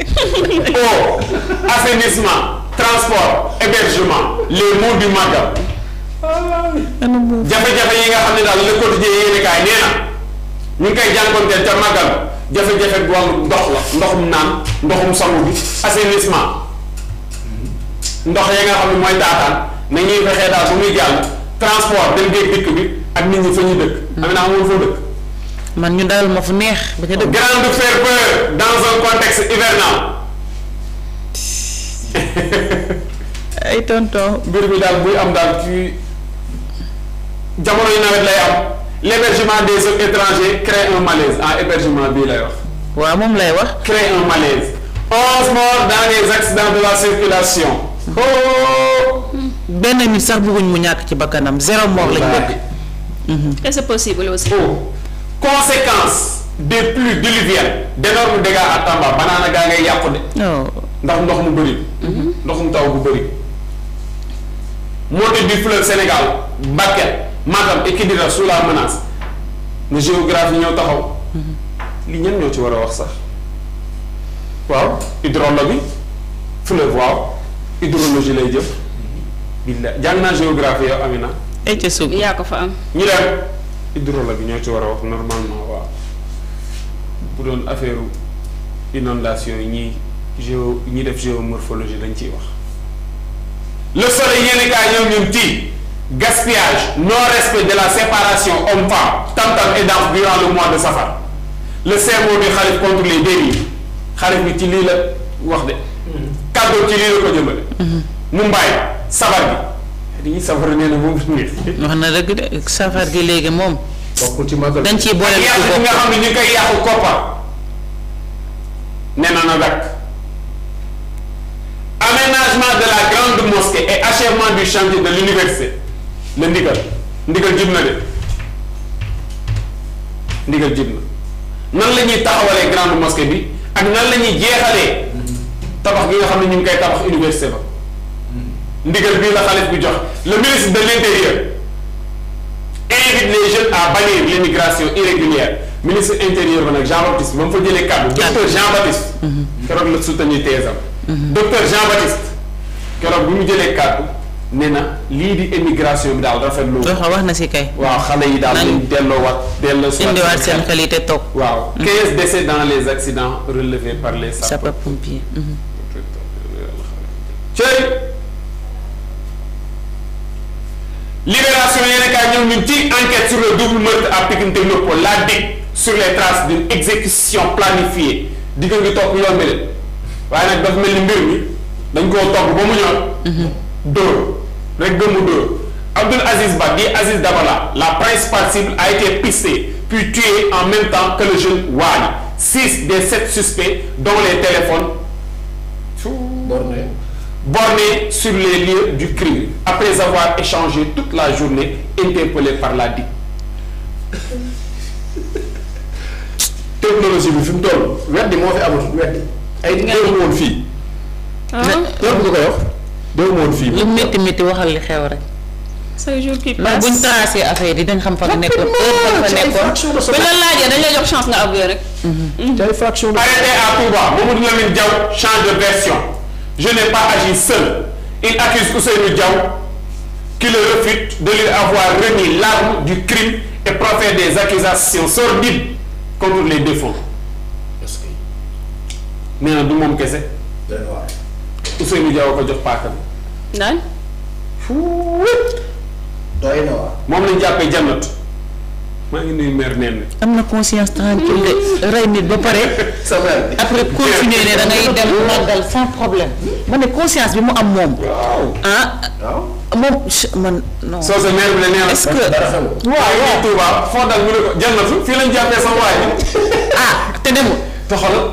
eau assainissement transport hébergement les mots du jafe-jafe yi nga xam ne daal le quotidien yenn kaay nee na ñu ngi koy jànkonteel ca jafe-jafe bu wàllu ndox la ndoxum naan ndoxum sangu bi assainissement ndox ya nga xam ne mooy taataan na ñuy fexee daal bu muy jàll transport dem géeg dikk bi ak nit ñi fa ñuy dëkk. Hmm. am naa amul foo dëkk. man ñu daal ma fu neex. ba ca dëkk grande ferveur dans un contexte hivernal. ay tonton. mbir mi daal buy am daal ci jamono yu nawet lay am. l'hébergement des étrangers crée un malaise ah hébergement bii lay wax. waaw moom lay wax. crée un malaise. onze morts les accidents de la circulation. oh. benn nit sax bëgguñ mu ñàkk ci bakkanam zéro mort lañ bëgg. est-ce possible aussi. oh conséquence des pluies diluviennes à Tamba banaana gaa ngay yàqu de. Oh. ndax ndox mu bëri. Mhm. ndoxum taw bu bëri. montée du fleuve Sénégal Bakel. Matam et Kidira sous la menace na géographie ñëw taxaw li ñen ñoo ci war a wax sax waaw hydrologue bi fleuve waaw hydrologie lay jëf billa jàng naa géographie yow Amina ece suuf yaa ko fa am ñu dem hydrologue bi ñoo ci war a wax normalement waaw bu doon affaire inondation yi ñi géo ñi def géomorphologie lañ ciy wax le soleil yéen i kaay ñoom ñoom tii gaspillage, non-respect de la séparation homme-femme, tam-tam et daf durant le mois de Safar. Le sermon du Khalif contre les délits. Khalif bi ci lii la wax de. kàddu ci lii la ko jëmale. mu mbaay safar gi. moom neex. wax na dëgg de safar gi léegi moom. bokkul ci magal dañ ciy nga xam ne ñu koy yàqu koppar. nee na na dakk aménagement de la grande mosquée et achèvement du chantier de l'université la ndigal ndigal jib na de ndigal jib na nan la taxawalee grande mosquée bi ak nan la ñuy jeexalee tabax gi nga xam ne ñu ngi koy tabax université ba ndigal bii la xalif bi jox la ministre de l' intérieur invite les jeunes à bannir l' immigration irrégulière ministre intérieur ba nag Jean Baptiste ba mu fa jëlee kàddu docteur Jean Baptiste mhm. keroog la soutenir teesam mhm. docteur Jean Baptiste keroog bi mu jëlee kàddu ne na lii di émigration bi daal rafetlu. loxo wax na si kay. waaw xale yi daal di delloowaat. delloo si indiwaat seen xel yi te toog. waaw mm. quinze décès dans les accidents relevés par les. sapeurs pompiers mm-hmm. cëy libération yéen kaay ñoom ñu ci enquête sur le double meurtre à Pikine Technopole la DIC sur les traces d'une exécution planifiée di ko ngi topp yoon waaye nag dafa mel ni mbir mi dañ ba mu ñor. Mm-hmm. rek gëmu deux Aziz Ba dit Aziz Dabala la principale cible a été pistée puis tuée en même temps que le jeune Wali six des sept suspects dont les téléphones bornés sur les lieux du crime après avoir échangé toute la journée interpellés par la DIC technologie bi fi mu toll weddi moo fi amatul weddi ay néew woon fii. ah loolu ko koy wax. déw ma woon fii. lu métti métti waxal li xew rek. say jour kii buñ tracé affaire yi dañ xam fa nekk heure fa laajee dañ lay jox chance nga avoué rek. Mm-hmm. ci ay fraction de. arrêté à Touba Mamadou Lamine Diaw de version je n'ai pas agi seul il accuse Ousseynou Diaw qui le réfute de lui avoir remis l'arme du crime et profère des accusations sordides contre les défauts. est-ce que Ousseynou Diaw ko jox paaka bi. naan. doy na moom lañ jàppee jannat maa ngi nuyu mère nen am na conscience tranquille de rey nit ba pare. après continuer ne da ngay dem màggal sans problème. ma ne conscience bi mu am moom. Ah. ah. moom man non. soo sa mère bi la nee na. est-ce que waaw ne ko jannatu sa waay ah te demul. te xoolal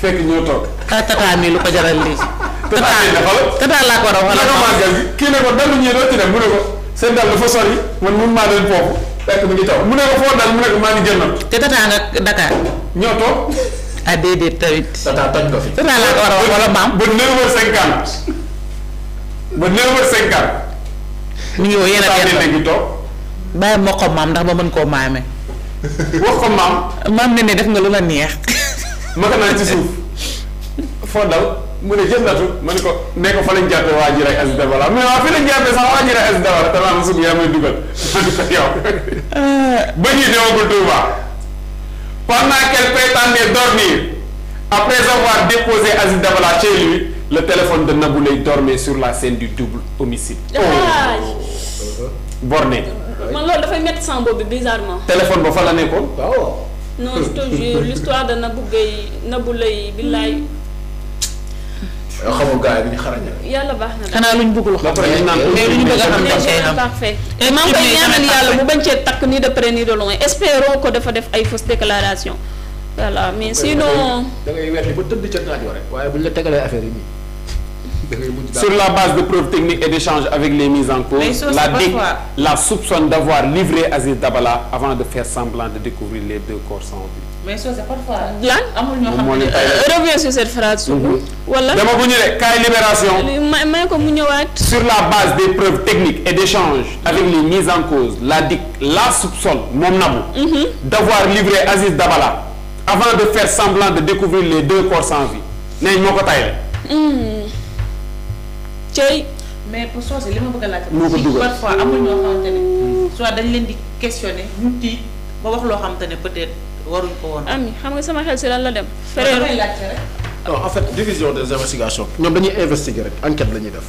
fekk ñoo toog. tata mi lu ko jaral lii. tataal tataal laa ko war a wax. kii ne ko dalu mu ne ko seen dal dafa sori man mun maa leen foofu te tataal nga Dakar. ñoo toog. ah déedéet tamit. tataal toj ko fi. tataal laa ko war a wax wala maam. ba 9h50 ba 9h50. mi ngi woo yéen maam ndax ma mën koo maame. wax maam. maam ne def nga lu la neex. ma ko foo dal. mu ne jannatu ma ne ko ne ko fa lañ jàppee waa ji rek Aziz Dabala mu ne waa fi lañ jàppee sax waa ji rek Aziz Dabala te maanaam suñu yaay may dugal ma ne ko yow. Euh. ba ñuy demagul Touba de Nabou Leye dormait sur la scène du double homicide. Ah, oh. borné. man loolu dafay métti sama bopp bi bizarrement. téléphone ba fa la nekkoon. Ah, waaw. non je te jure l'histoire de Nabou Gueye Nabou billaay. yow xamul gars yi ñu xarañal. yàlla baax na xanaa luñ bëgg lu xam. mais luñ bëgg a xam dañ koy am parfait. et maa ngi koy ñaanal yàlla mu bañ cee takk ni de près ni de loin espérons que dafa def ay fausse déclaration voilà mais sinon. da ngay weex li ba tëdd ca naaj rek waaye buñ la tegalee affaire yi nii. Sur la base de preuves techniques et d'échanges avec les mises en cause, la DIC la soupçonne d'avoir livré Aziz Dabala avant de faire semblant de découvrir les deux corps sans vie. mais Socé parfois. lan amul ñoo xam ne euh, reviens sur cette phrase. surtout mhm. wala dama bu ñu rek cas libération. may ko mu ñëwaat. sur la base des preuves techniques et d'échanges avec les mises en cause la DIC la soupçonne moom Nabou. Mhm. d'avoir livré Aziz Dabala avant de faire semblant de découvrir sans vie nañ moo ko tayal. Hmm. cey. mais pour Socé li ma bëgg a laajte. moo ko dugal parfois amul ñoo xamante ne. soit dañ leen di questionner ñu tiit ba wax loo xamante ne peut-être. waruñ ko woon ami xam nga sama xel si lan la dem. frère non en fait division des investigations ñoom dañuy investiguer rek enquête la ñuy def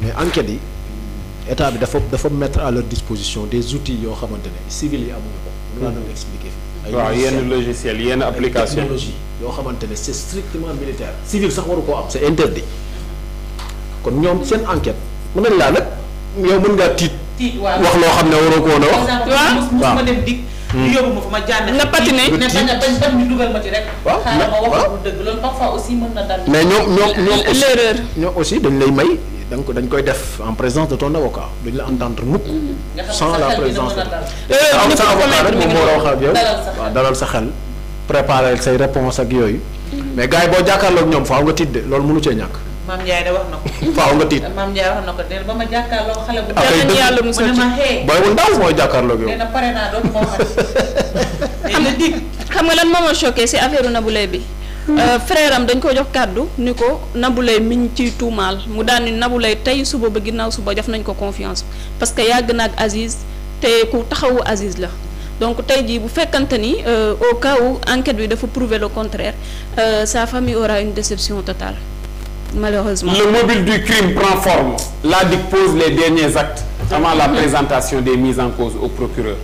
mais enquête yi état bi dafa dafa mettre à leur disposition des outils yoo xamante ne civil yi amuñu ko. ñu laa doon expliquer fii. waaw yenn logiciel yoo xamante ne c' est strictement militaire. civil sax waru koo am c' interdit kon ñoom seen enquete mën nañ laa nag yow mën ngaa tiit. tiit wax loo xam ne waroo ko a wax. waaw waaw mosuma dem dig. ñu hmm. yóbbu ma fa ma jànne. nga patiné ne bañ dugal ma ci rek. waaw mais ñoom ñoom ñoom aussi l'erreur ñoom aussi dañ lay may dañ ko dañ koy def en présence de ton avocat duñ la entendre mukk hmm. sans la présence am euh, ah, sa avocat rek moom moo war a wax ak yow waaw dalal sa xel préparer say réponse ak yooyu hmm. mais gars boo jàkkaarloog ñoom faaw nga tiit de loolu mënu cee ñàkk maam Ndiaye wax na faaw nga tiit maam Ndiaye wax ko xale bu. affaire yàlla mu ne ma xee. booy mooy jàkkaarloo ak xam nga dig xam nga si affaire Naboulaye bi. Hmm. Euh, frère dañ ko jox kàddu ni ko nabule miñ ciy tuumaal mu daan ni Naboulaye tey suba ba ginnaaw suba def nañ ko confiance parce que yàgg na ak te ku taxawu Aziz la. donc tey jii bu fekkante ni euh, au cas où enquête bi dafa prouver le contraire euh, sa famille aura une déception totale Malheureusement. Le mobile du crime prend forme. La DIC pose les derniers actes avant la présentation des mise en cause au procureur.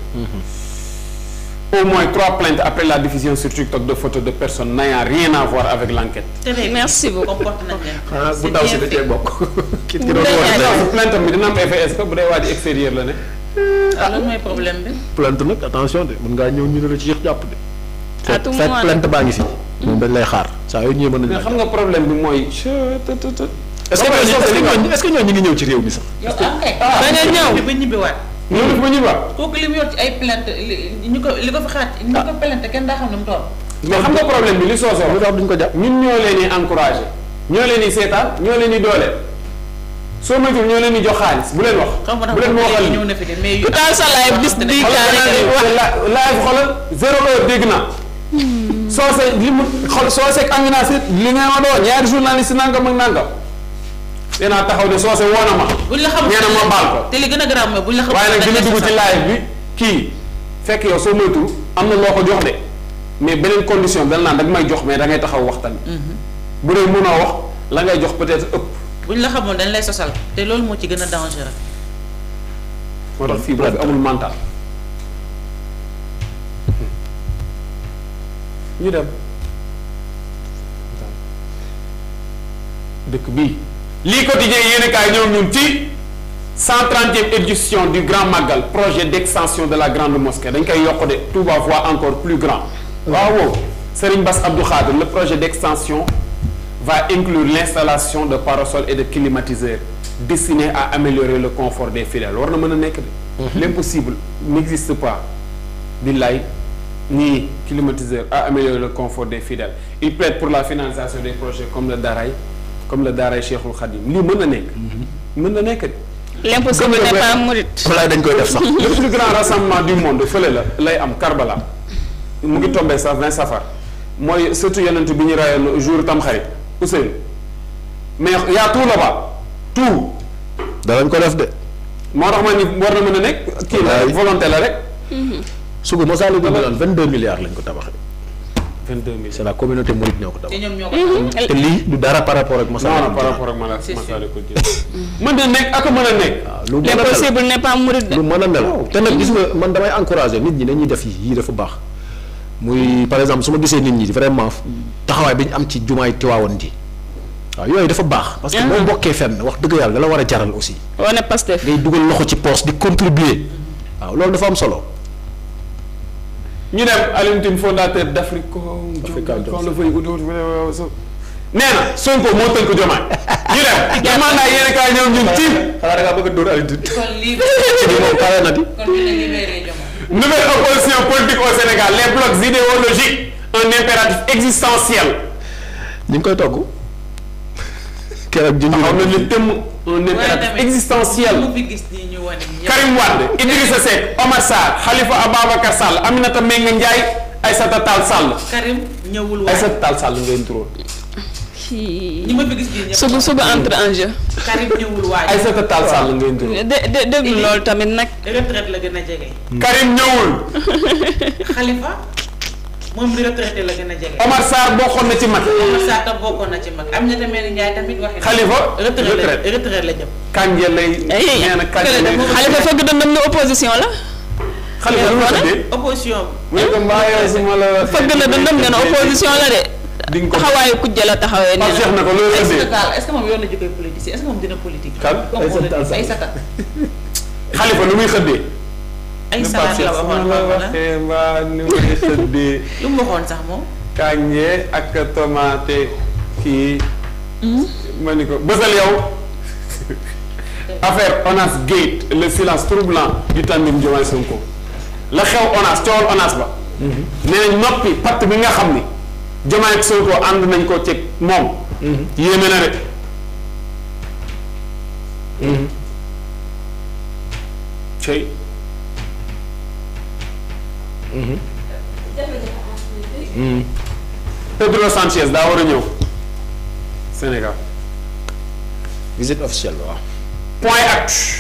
Au moins trois plaintes après la diffusion sur TikTok de photos de personnes n'ayant rien à voir avec l'enquête. merci beaucoup. Ah, bu ndaw si da cee bokk. ki doon wax plainte bi dina am effet est-ce que bu dee waa ji extérieur la ne. ah nag attention de mën ngaa ñëw ñu ne la ci jàpp de. à tout baa ngi fi. moom dañ lay xaar saa yoo ñëwee mën nañu. mais xam nga problème bi mooy. est-ce que ñooñu est-ce que ñooñu ñu ngi ñëw ci réew mi sax. ah, ah ñëw ba ñibbiwaat. ñëw ba ñibbiwaat. kooku li mu yor ci ay plainte li ñu ko li ko fi xaar. ñu ko plainte kenn daa xam ne mu toll. mais xam nga problème bi li soo soog. lu tax duñ ko jàpp ñun ñoo leen di encouragé. ñoo leen di seetaan ñoo leen di doole. soo moytuwul ñoo leen di jox xaalis bu leen wax. bu leen moo xam ñëw na fi de mais. ku taal sa live bis bii. xoolal la live xoolal zéro heure dégg na hmm. soose li mu xool soose ak Amina Sy li nga ma doo ñaari si nangam ak nangam. naa taxaw ne soose woo na ma. buñ la xamul neena ma baal ko. te li gën a garaaw mooy buñ la xamul waaye nag dina kii fekk yow soo moytu am na loo ko jox de mais beneen condition dal naan dag may jox mais da ngay taxaw wax mm-hmm. bu dee mënoo wax la ngay jox peut-être ëpp. buñ la xamul dañ lay sosal te loolu moo ci gën a dangereux. moo tax fii bu amul mental. ñu dem dëkk bii lii quotidien yéen kaay ñoom ñun ci cent trentième édition du Grand Magal projet d'extension de la grande mosquée dañ koy yokk de Touba fois encore plus grand waaw Serigne Bass Abdou Khadir le projet d'extension va inclure l'installation de parasols et de climatiseurs destinés à améliorer le confort des fidèles war na mën a nekk de mhm. l'impossible n'existe pas billaay ni climatiseur à améliorer le confort des fidèles il plaide pour la finalisation des projet comme le Daray comme le Daray Cheikhul Khadim lii mën na nekk. Mhm. mën na nekk. l'impossible n'est pas mouride. walaay dañ koy def sax. le plus grand rassemblement du monde fële la lay am Karbala mu ngi tombé sax vingt safar mooy surtout yonent bi ñu rayoon jour Tamxarit Ousseynou mais y'a tout là-bas tout. danañ ko def de. moo tax ma ni war na mën a nekk. kii la volonté la rek. Mhm. sugu Massalikul Jinaan 22 milliards lañ ko tabaxee. milliards c'est ko tabax. Mhm. te lii du dara par rapport ak Massalikul Jinaan par rapport ak Massalikul Jinaan mhm. mën na nekk ak mën a nekk. Ah, lu mën a mel a mel te nag gis nga man damay encourager nit ñi dañuy def yi yii dafa baax. muy par exemple su ma gisee nit ñi vraiment taxawaay bi ñu am ci jumaay Tiwaawan ji waaw yooyu dafa baax. parce que ah. boo bokkee fenn wax dëgg yàlla da la war a jaral aussi. wane Pastef ngay dugal loxo ci poche di contribuer waaw loolu dafa am solo. ñu dem Alioune Tine fondateur d' Africom. Africom Jokalante Jokalante nee na Sonko moo tënk Diomaye. ñu dem dem naa yéen a kaay ñoom ñun ci. bëgg a dóor Alioune moom pare na di. kon dina libéré Diomaye. nouvelle opposition politique au Sénégal les blocs idéologiques impératif existentiel. ñu ngi koy togg. keroog junj. xaw nañu tëmm. un impératif existentiel Karim Wade Idrissa Seck Omar Sarr Khalifa a Sall Aminata Mbengue Ndiaye Aïssata Tall Sall. Karim ñëwul waay Aïssata Tall Sall ngeen trop. ñi ma fi gis ñëpp suba suba entre en jeu. Karim ñëwul waay Aïssata Tall Sall ngeen trop. dé tamit nag. la gën a jege. Karim ñëwul. moom bi retraité la gën a Omar Sarr bokkoon na ci mag. Omar Sarr tam bokkoon ci mag am na tamit Ndiaye tamit waxi. xalifa la jëm. Eh, eh, eh. na Kanje lay xalifa foog xalifa lu ma opposition. opposition la ko taxawaayu kujje la taxawee. nee ko loolu est ce que moom yoon na jógee xalifa lu muy xëddee. ay salaat la lu mu waxoon sax moom. kànje ak tomate kii. Hmm? ma ni ko bësal yow. affaire ONAS gate le silence troublant du tandem Diomaye Sonko la xew ONAS coowal ONAS ba. Mm-hmm. nee noppi pacte bi nga xam ni Diomaye ak Sonko ànd nañ ko ci moom. Mm-hmm. yéeme na rek. Mhm. Pedro Sanchez daa war a ñëw Sénégal. visite officielle waaw. point actu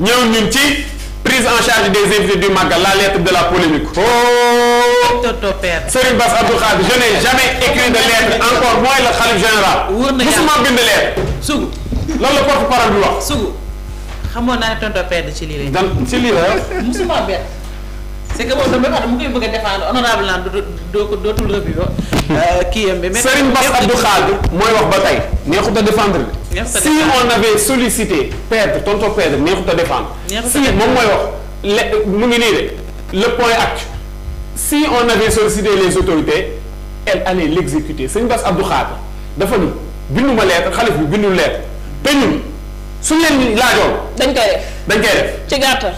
ñëw ñun ci prise en charge des invités du Magal la lettre de la polémique. oh. toto père. Serigne Bass Abdou je n'ai jamais écrit de lettre encore moins le khalife général. wóor na yàlla musuma sugu. loolu la porte-parole bi wax. sugu xamoon naa ne tonton père ci ci lii la. musuma bett. c'est que moom damay wax mu a défendre honorable naan doo ko dootul euh, mooy wax ba tey neexut a défendre si on avait sollicité Pedre tonton Pedre neexut a défendre si moom mooy wax le mu ngi nii de le point actu si on avait sollicité les autorités elles allaient l'exécuter Serigne Bass Abdou Khadre dafa ni bindu ma lettre xalif bi bindu lettre te ñun su leen laajoon dañ koy dañ koy def ci gàttal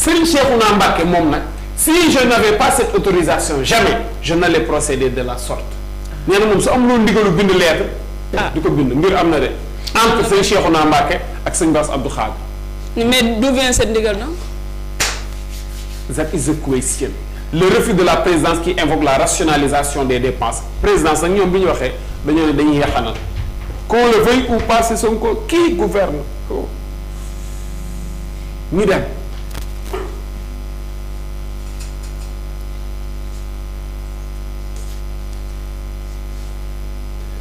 Serigne Cheikhouna Mbacké moom nag si je n'avais pas cette autorisation jamais je n'allais procéder de la sorte nee na moom su am loolu ndigalu bind lettre ah. du ko bind mbir am na de entre Serigne Cheikhouna Mbacké ak Serigne Bass Abdou Khadre mais d'où vient cette ndigal non le refus de la présidence qui invoque la rationalisation des dépenses présidence nag ñoom bi ñu waxee dañoo ne dañuy yaxanal qu'on le veuille ou pas c'est Sonko qui gouverne oh. ñu dem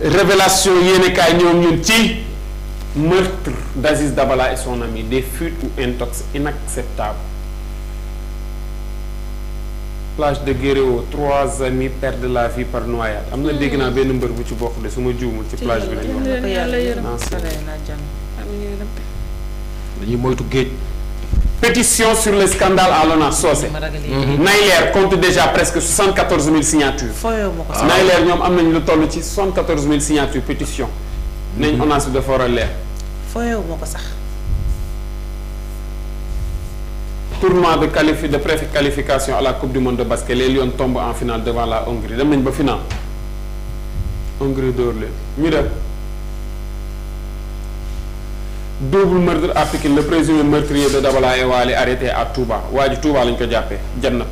révélation yéene kaay ñëw ñun ci meurtre d'Aziz Dabala et son ami des fuites ou intox inacceptables plage de Guéréo trois amis perdent la vie par noyade am na dégg naa benn mbër bu ci bokk de su ma juumul ci plage bi lañu wax dañuy moytu géej pétition sur le scandale à l'ONAS Socé. Mhm. Nailer compte déjà presque 74 000 signatures. Ah. Nailer ñoom am nañu lu toll ci 74 000 signatures pétition. Mhm. nañ ONAS bi dafa war a leer. fooyewu ma ko sax. tournoi de qualifi de préqualification à la coupe du monde de basket les Lions tombent en finale devant la Hongrie dem nañ ba finale Hongrie dóor leen ñu def. double meurtre à Pikine le présumé meurtrier de Dabala et Wali arrêté à Touba waa ji Touba lañ ko jàppee jannat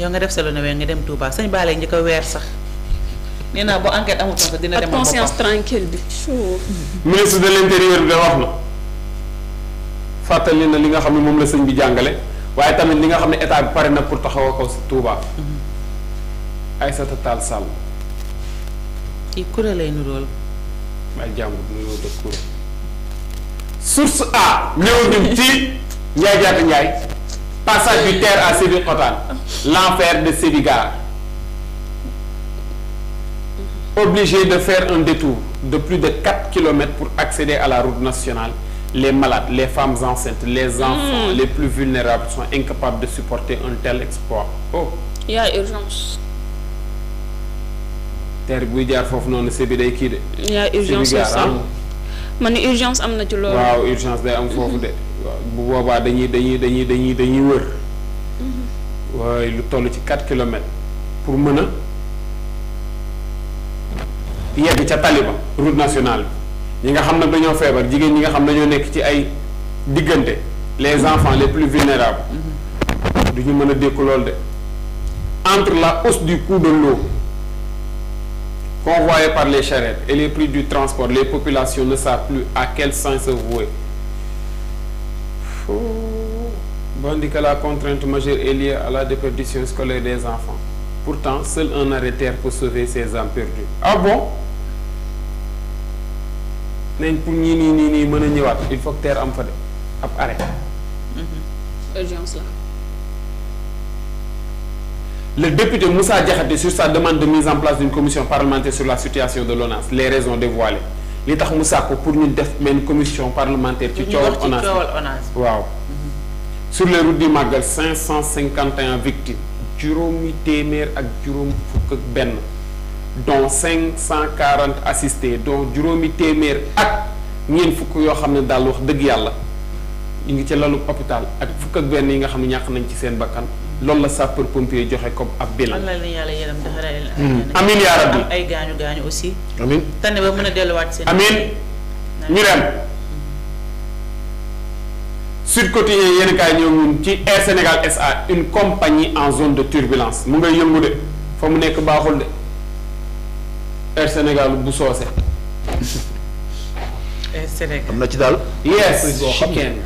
yow nga def sa lu ne nga dem Touba sëñ baale léegi ñu weer sax nee naa bu enquête amul sax dina dem ak conscience bi. ministre de l' intérieur bi da wax na na li nga xam ne moom la sëñ bi jàngale waaye tamit li nga xam ne état bi pare na pour taxawoo ko si Touba. Mhm. Aïssata Tall Sall. kii kuréel lay nuróol. mi ak jàmbur nuyoo dëkk kuréel source A ñëw ñun ci Ndiaye Diatta Ndiaye passage du terre à Sébi Xotaan l'enfer de Sébigar obligé de faire un détour de plus de quatre kilomètres pour accéder à la route nationale les malades les femmes enceintes les mm. enfants les plus vulnérables sont incapables de supporter un tel exploit oh y a urgence terre buy jaar foofu noonu bi day kii de. yaa urgence sax ma ne urgence am na ci loolu. waaw urgence day am foofu de. Mhm. bu boobaa dañuy dañuy dañuy dañuy dañuy wër. Mhm. waaye lu toll ci quatre kilomètres pour mën a yegg ca taliba route nationale bi ñi nga xam nag dañoo feebar jigéen ñi nga xam dañoo nekk ci ay diggante les enfants les plus vulnérables mhm. du ñu mën a dékku lool de entre la hausse du coût de l'eau convoyés par les charrettes et les prix du transport les populations ne savent plus à quel sens se vouer bandit que la contrainte majeure est liée à la déperdition scolaire des enfants pourtant seul un arrêté peut sauver ces âmes perdues ah bon nañ pour ñii nii nii nii mën a ñëwaat il faut que teer am fa de le député Moussa Diakhaté sur sa demande de mise en place d'une commission parlementaire sur la situation de l'ONAS les raisons dévoilées li tax mu ko pour ñu def benn commission parlementaire ci coowal ONAS waaw mhm. sur les routes du Magal 551 victimes juróomi téeméer ak juróom fukk ak benn dont 540 assistés dont juróomi téeméer ak ñeent fukk yoo xam ne daal wax dëgg yàlla ñu ngi ci lalu hôpital ak fukk ak benn yi nga xam ne ñàkk nañ ci seen bakkan loolu la sapeur pompier joxe comme ab bilan. la yàlla yaram hmm. amiin aussi. amiin tane ba mën a delluwaat seen. amiin ñu dem. Sud Quotidien yéen kaay ñëw ñun ci Air Sénégal SA une compagnie en zone de turbulence mu ngay yëngu de fa mu nekk baaxul de Air Sénégal bu soose. Air am na ci daal. yes chicken.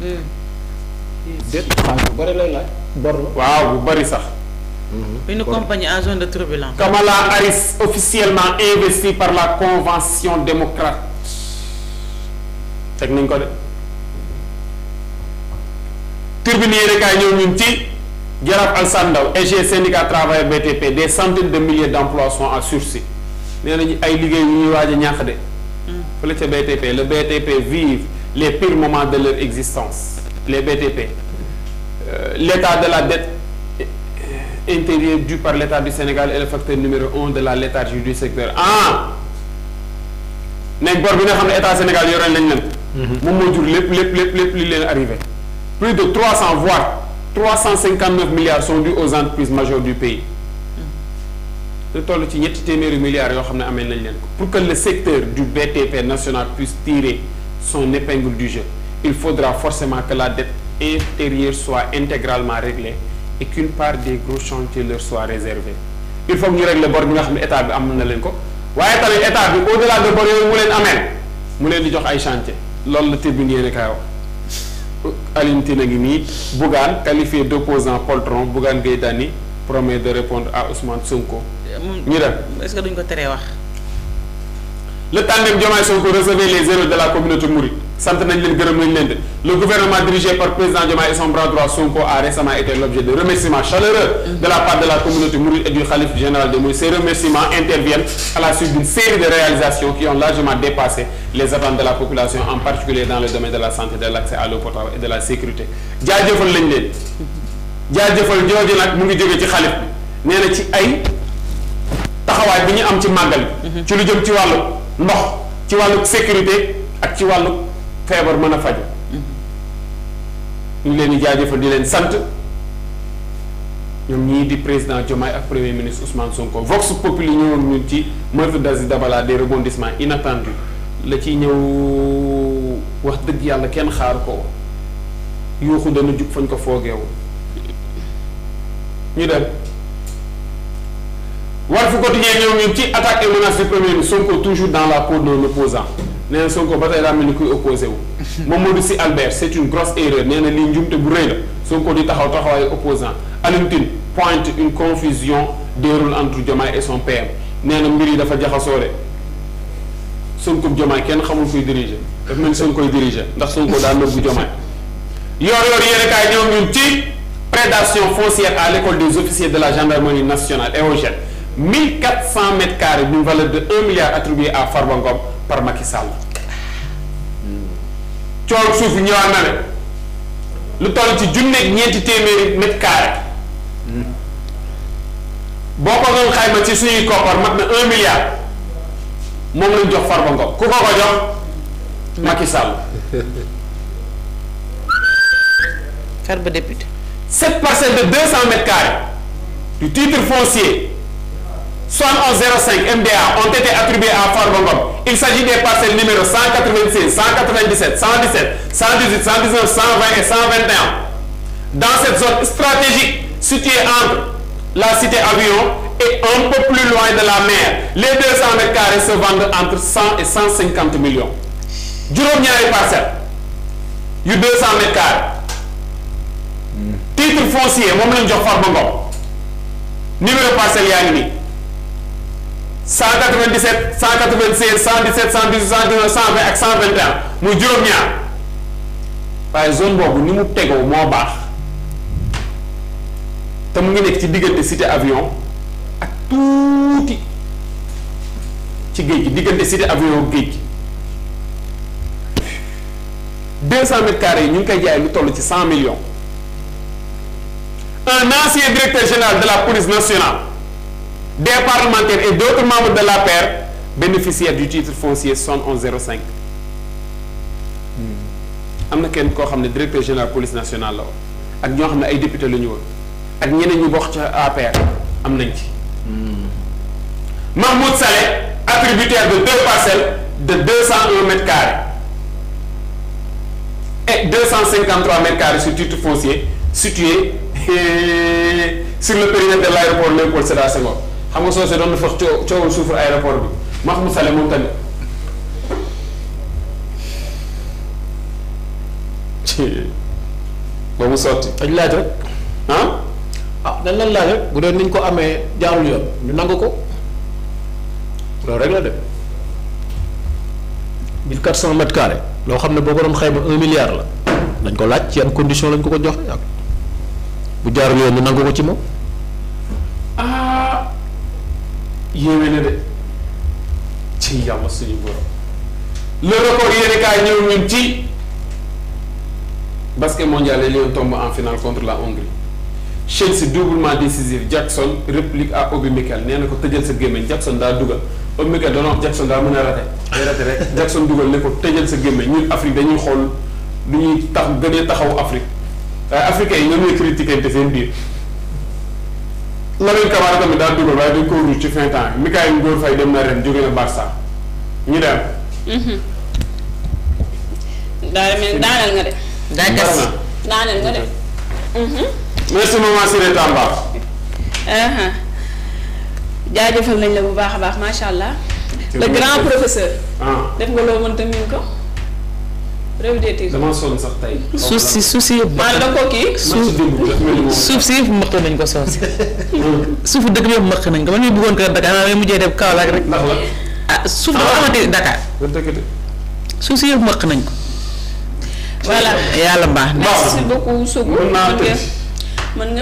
Hmm. déet xaalis bu bor waaw bu bëri sax. Mm-hmm. une compagnie en zone de turbulence. Kamala Harris officiellement investie par la convention démocrate teg nañ ko de. tribune yéen kaay ñëw ñun ci Jaraaf Alassane Ndao SG syndicat travailleurs BTP des centaines de milliers d'emplois sont en sursis nee ay liggéey yu ñuy waaj a ñàkk de. Mm. fële ca BTP le BTP vive les pires moment de leur existence les BTP. Euh, l'état de la dette intérieure due par l'état du Sénégal est le facteur numéro on de la léthargie du secteur ah nekk bor bi nga xam ne état Sénégal yore nañ leen. Mhm. moom moo jur lépp lépp lépp lépp li leen arrivé. plus de trois cent voire trois cent cinquante neuf milliards sont dus aux entreprises majeures du pays. Mhm. lu toll ci ñetti téeméeri milliards yoo xam ne amee nañ leen ko pour que le secteur du BTP national puisse tirer son épingle du jeu il faudra forcément que la dette. intérieure soit intégralement réglée et qu'une part des gros chantiers leur soit réservée il faut que ñu régler bor bi nga xam ne état bi am na leen ko waaye tamit état bi au delà de bor yooyu mu leen ameel mu leen di jox ay chantier loolu la tribune yéene kaay wax Alioune Tine a ngi nii Bougane qualifié d'opposant poltron Bougane Gueye Dany promet de répondre à Ousmane Sonko. Euh, ñu dem est-ce que duñ ko teree wax. le tandem Diomaye Sonko recevait les héros de la communauté mouride sant nañ leen gërëm nañ leen de le gouvernement dirigé par président Diomaye et son droit Sonko a récemment été l'objet de remerciements chaleureux de la part de la communauté mouride et du khalife général des Mourides ces remerciements interviennent à la suite d'une série de réalisations qui ont largement dépassé les attentes de la population en particulier dans le domaine de la santé de la na ci ay taxawaay bi ñu am ci màggal bi ci lu jëm ci wàllu ndox ci wàllu sécurité ak ci wàllu feebar mën a faju ñu leen di jaajëfal di leen sant ñoom ñii di président Diomaye ak premier ministre Ousmane Sonko Vox Populi ñëwoon ñun ci meurtre d'Aziz Dabala des rebondissements inattendus la ci ñëw wax dëgg yàlla kenn xaar ko yuuxu dana jug fañ ko foogeewu ñu dem war fu quotidien ñoom ñun ci attaque et menace premier ministre Sonko toujours dans la peau de l'opposant nee na Sonko ba tey daa mel ni kuy opposé wu Mamadou Sy Albert c' une grosse erreur nee na lii njumte bu rëy la Sonko di taxaw taxawaayu opposant Alioune Tine pointe une confusion déroule entre Diomaye et son PM nee na mbir yi dafa jaxasoore Sonko Diomaye kenn xamul kuy diriger daf mel ni Sonko koy diriger ndax Sonko daa nëbbu Diomaye yoor yoor yéen ñoom ñun ci prédation foncière à l' la gendarmerie nationale EOGN mille quatre cent mètres carrés d'une valeur de un milliard attribué à Farba Ngom par Macky Sall. coow suuf bi ñëwaat na ne lu toll ci junneeg ñeenti téeméeri mètres carrés boo ko doon xayma ci suñuy koppar mat na un milliard moom lañ jox Farba Ngom ku ko ko jox Macky Sall. Farba député. sept parcelles de deux cent mètres carrés du titre foncier. 7105 MDA ont été attribués à Farba Ngom il s'agit des parcelles numéro 196 197 117 118 119 120 et 121 dans cette zone stratégique située entre la cité Avion et un peu plus loin de la mer les 200 mètres carrés se vendent entre 100 et 150 millions juróom-ñaari parcelles yu 200 mètres carrés titre foncier moom lañ jox Farba Ngom numéro parcelle yaa 197 196 117 118 119 120 ak 121 muy juróom-ñaar waaye zone boobu ni mu tegoo moo baax te mu ngi nekk ci diggante cité avion ak tuuti ci géej gi diggante cité avion géej gi 200 mètres carrés yi ñu ngi koy jaay lu toll ci 100 millions un ancien directeur général de la police nationale. des parlementaires et d'autres membres de la paire bénéficiaires du titre foncier on cinq hmm. am na kenn koo xam ne directeur général police nationale la woon ak ñoo xam ne ay député la ñu woon ak ñeneen ñu bokk ca APR am nañ ci. Hmm. Mahmoud Saleh attributaire de deux parcelles de cent 201 mètres carrés et 253 mètres carrés sur titre foncier situé sur le périmètre de l'aéroport Léopold Sédar Senghor xam nga soose doon na fa coo coowul suufu aéroport bi Mahmoud Saleh moom tamit. ba mu sotti. dañ laaj rek. ah. ah dañ leen laaj rek bu doon niñ ko amee jaarul yoon ñu nangu ko loolu rek la dem. 1400 mètres carrés loo xam ne boo ko doon xayma 1 milliard la dañ ko laaj ci yan condition lañ ko ko joxe ak bu jaarul yoon ñu nangu ko ci moom. yéeme na de ci yàlla suñu borom le record yéene kaay ñëw ñun ci basket mondial les Lions tombent en finale contre la Hongrie Chelsea doublement décisif Jackson réplique à Obi Mikel nee na ko tëjal sa gémmiñ Jackson daa dugal Obi Mikel danoon Jackson daa mën a rate day rate rek Jackson dugal ne ko tëjal sa gémmiñ ñu Afrique dañuy xool lu ñuy tax gënee taxawu Afrique waaye africains yi ñoom ñooy critiqué seen biir Lamine Camara tamit daal dugal waaye dañ ko ruus ci fin temps Mikayil Ngor Faye dem na ren jóge na Barça ñu dem. Mhm. daal mel daaneel nga de. daa des daaneel nga de. Mhm. merci maman Siré Tamba. jaajëfal nañ la bu baax a baax macha allah. le grand professeur. Ah. def nga loo mënta miin ko. réew de tiir damaa sonn sax tey. suuf si suuf si yëpp. maanaam da ko kii. suuf si yëpp mëq nañ ko soos. suufu dëkk bi yëpp nañ ko man mii bëggoon kër Dakar maanaam mujjee dem Kaolack rek. ndax la ah suuf dafa ah. amati Dakar. si yëpp mëq nañ ko. voilà yàlla mbaax. merci beaucoup Sougou mën nga.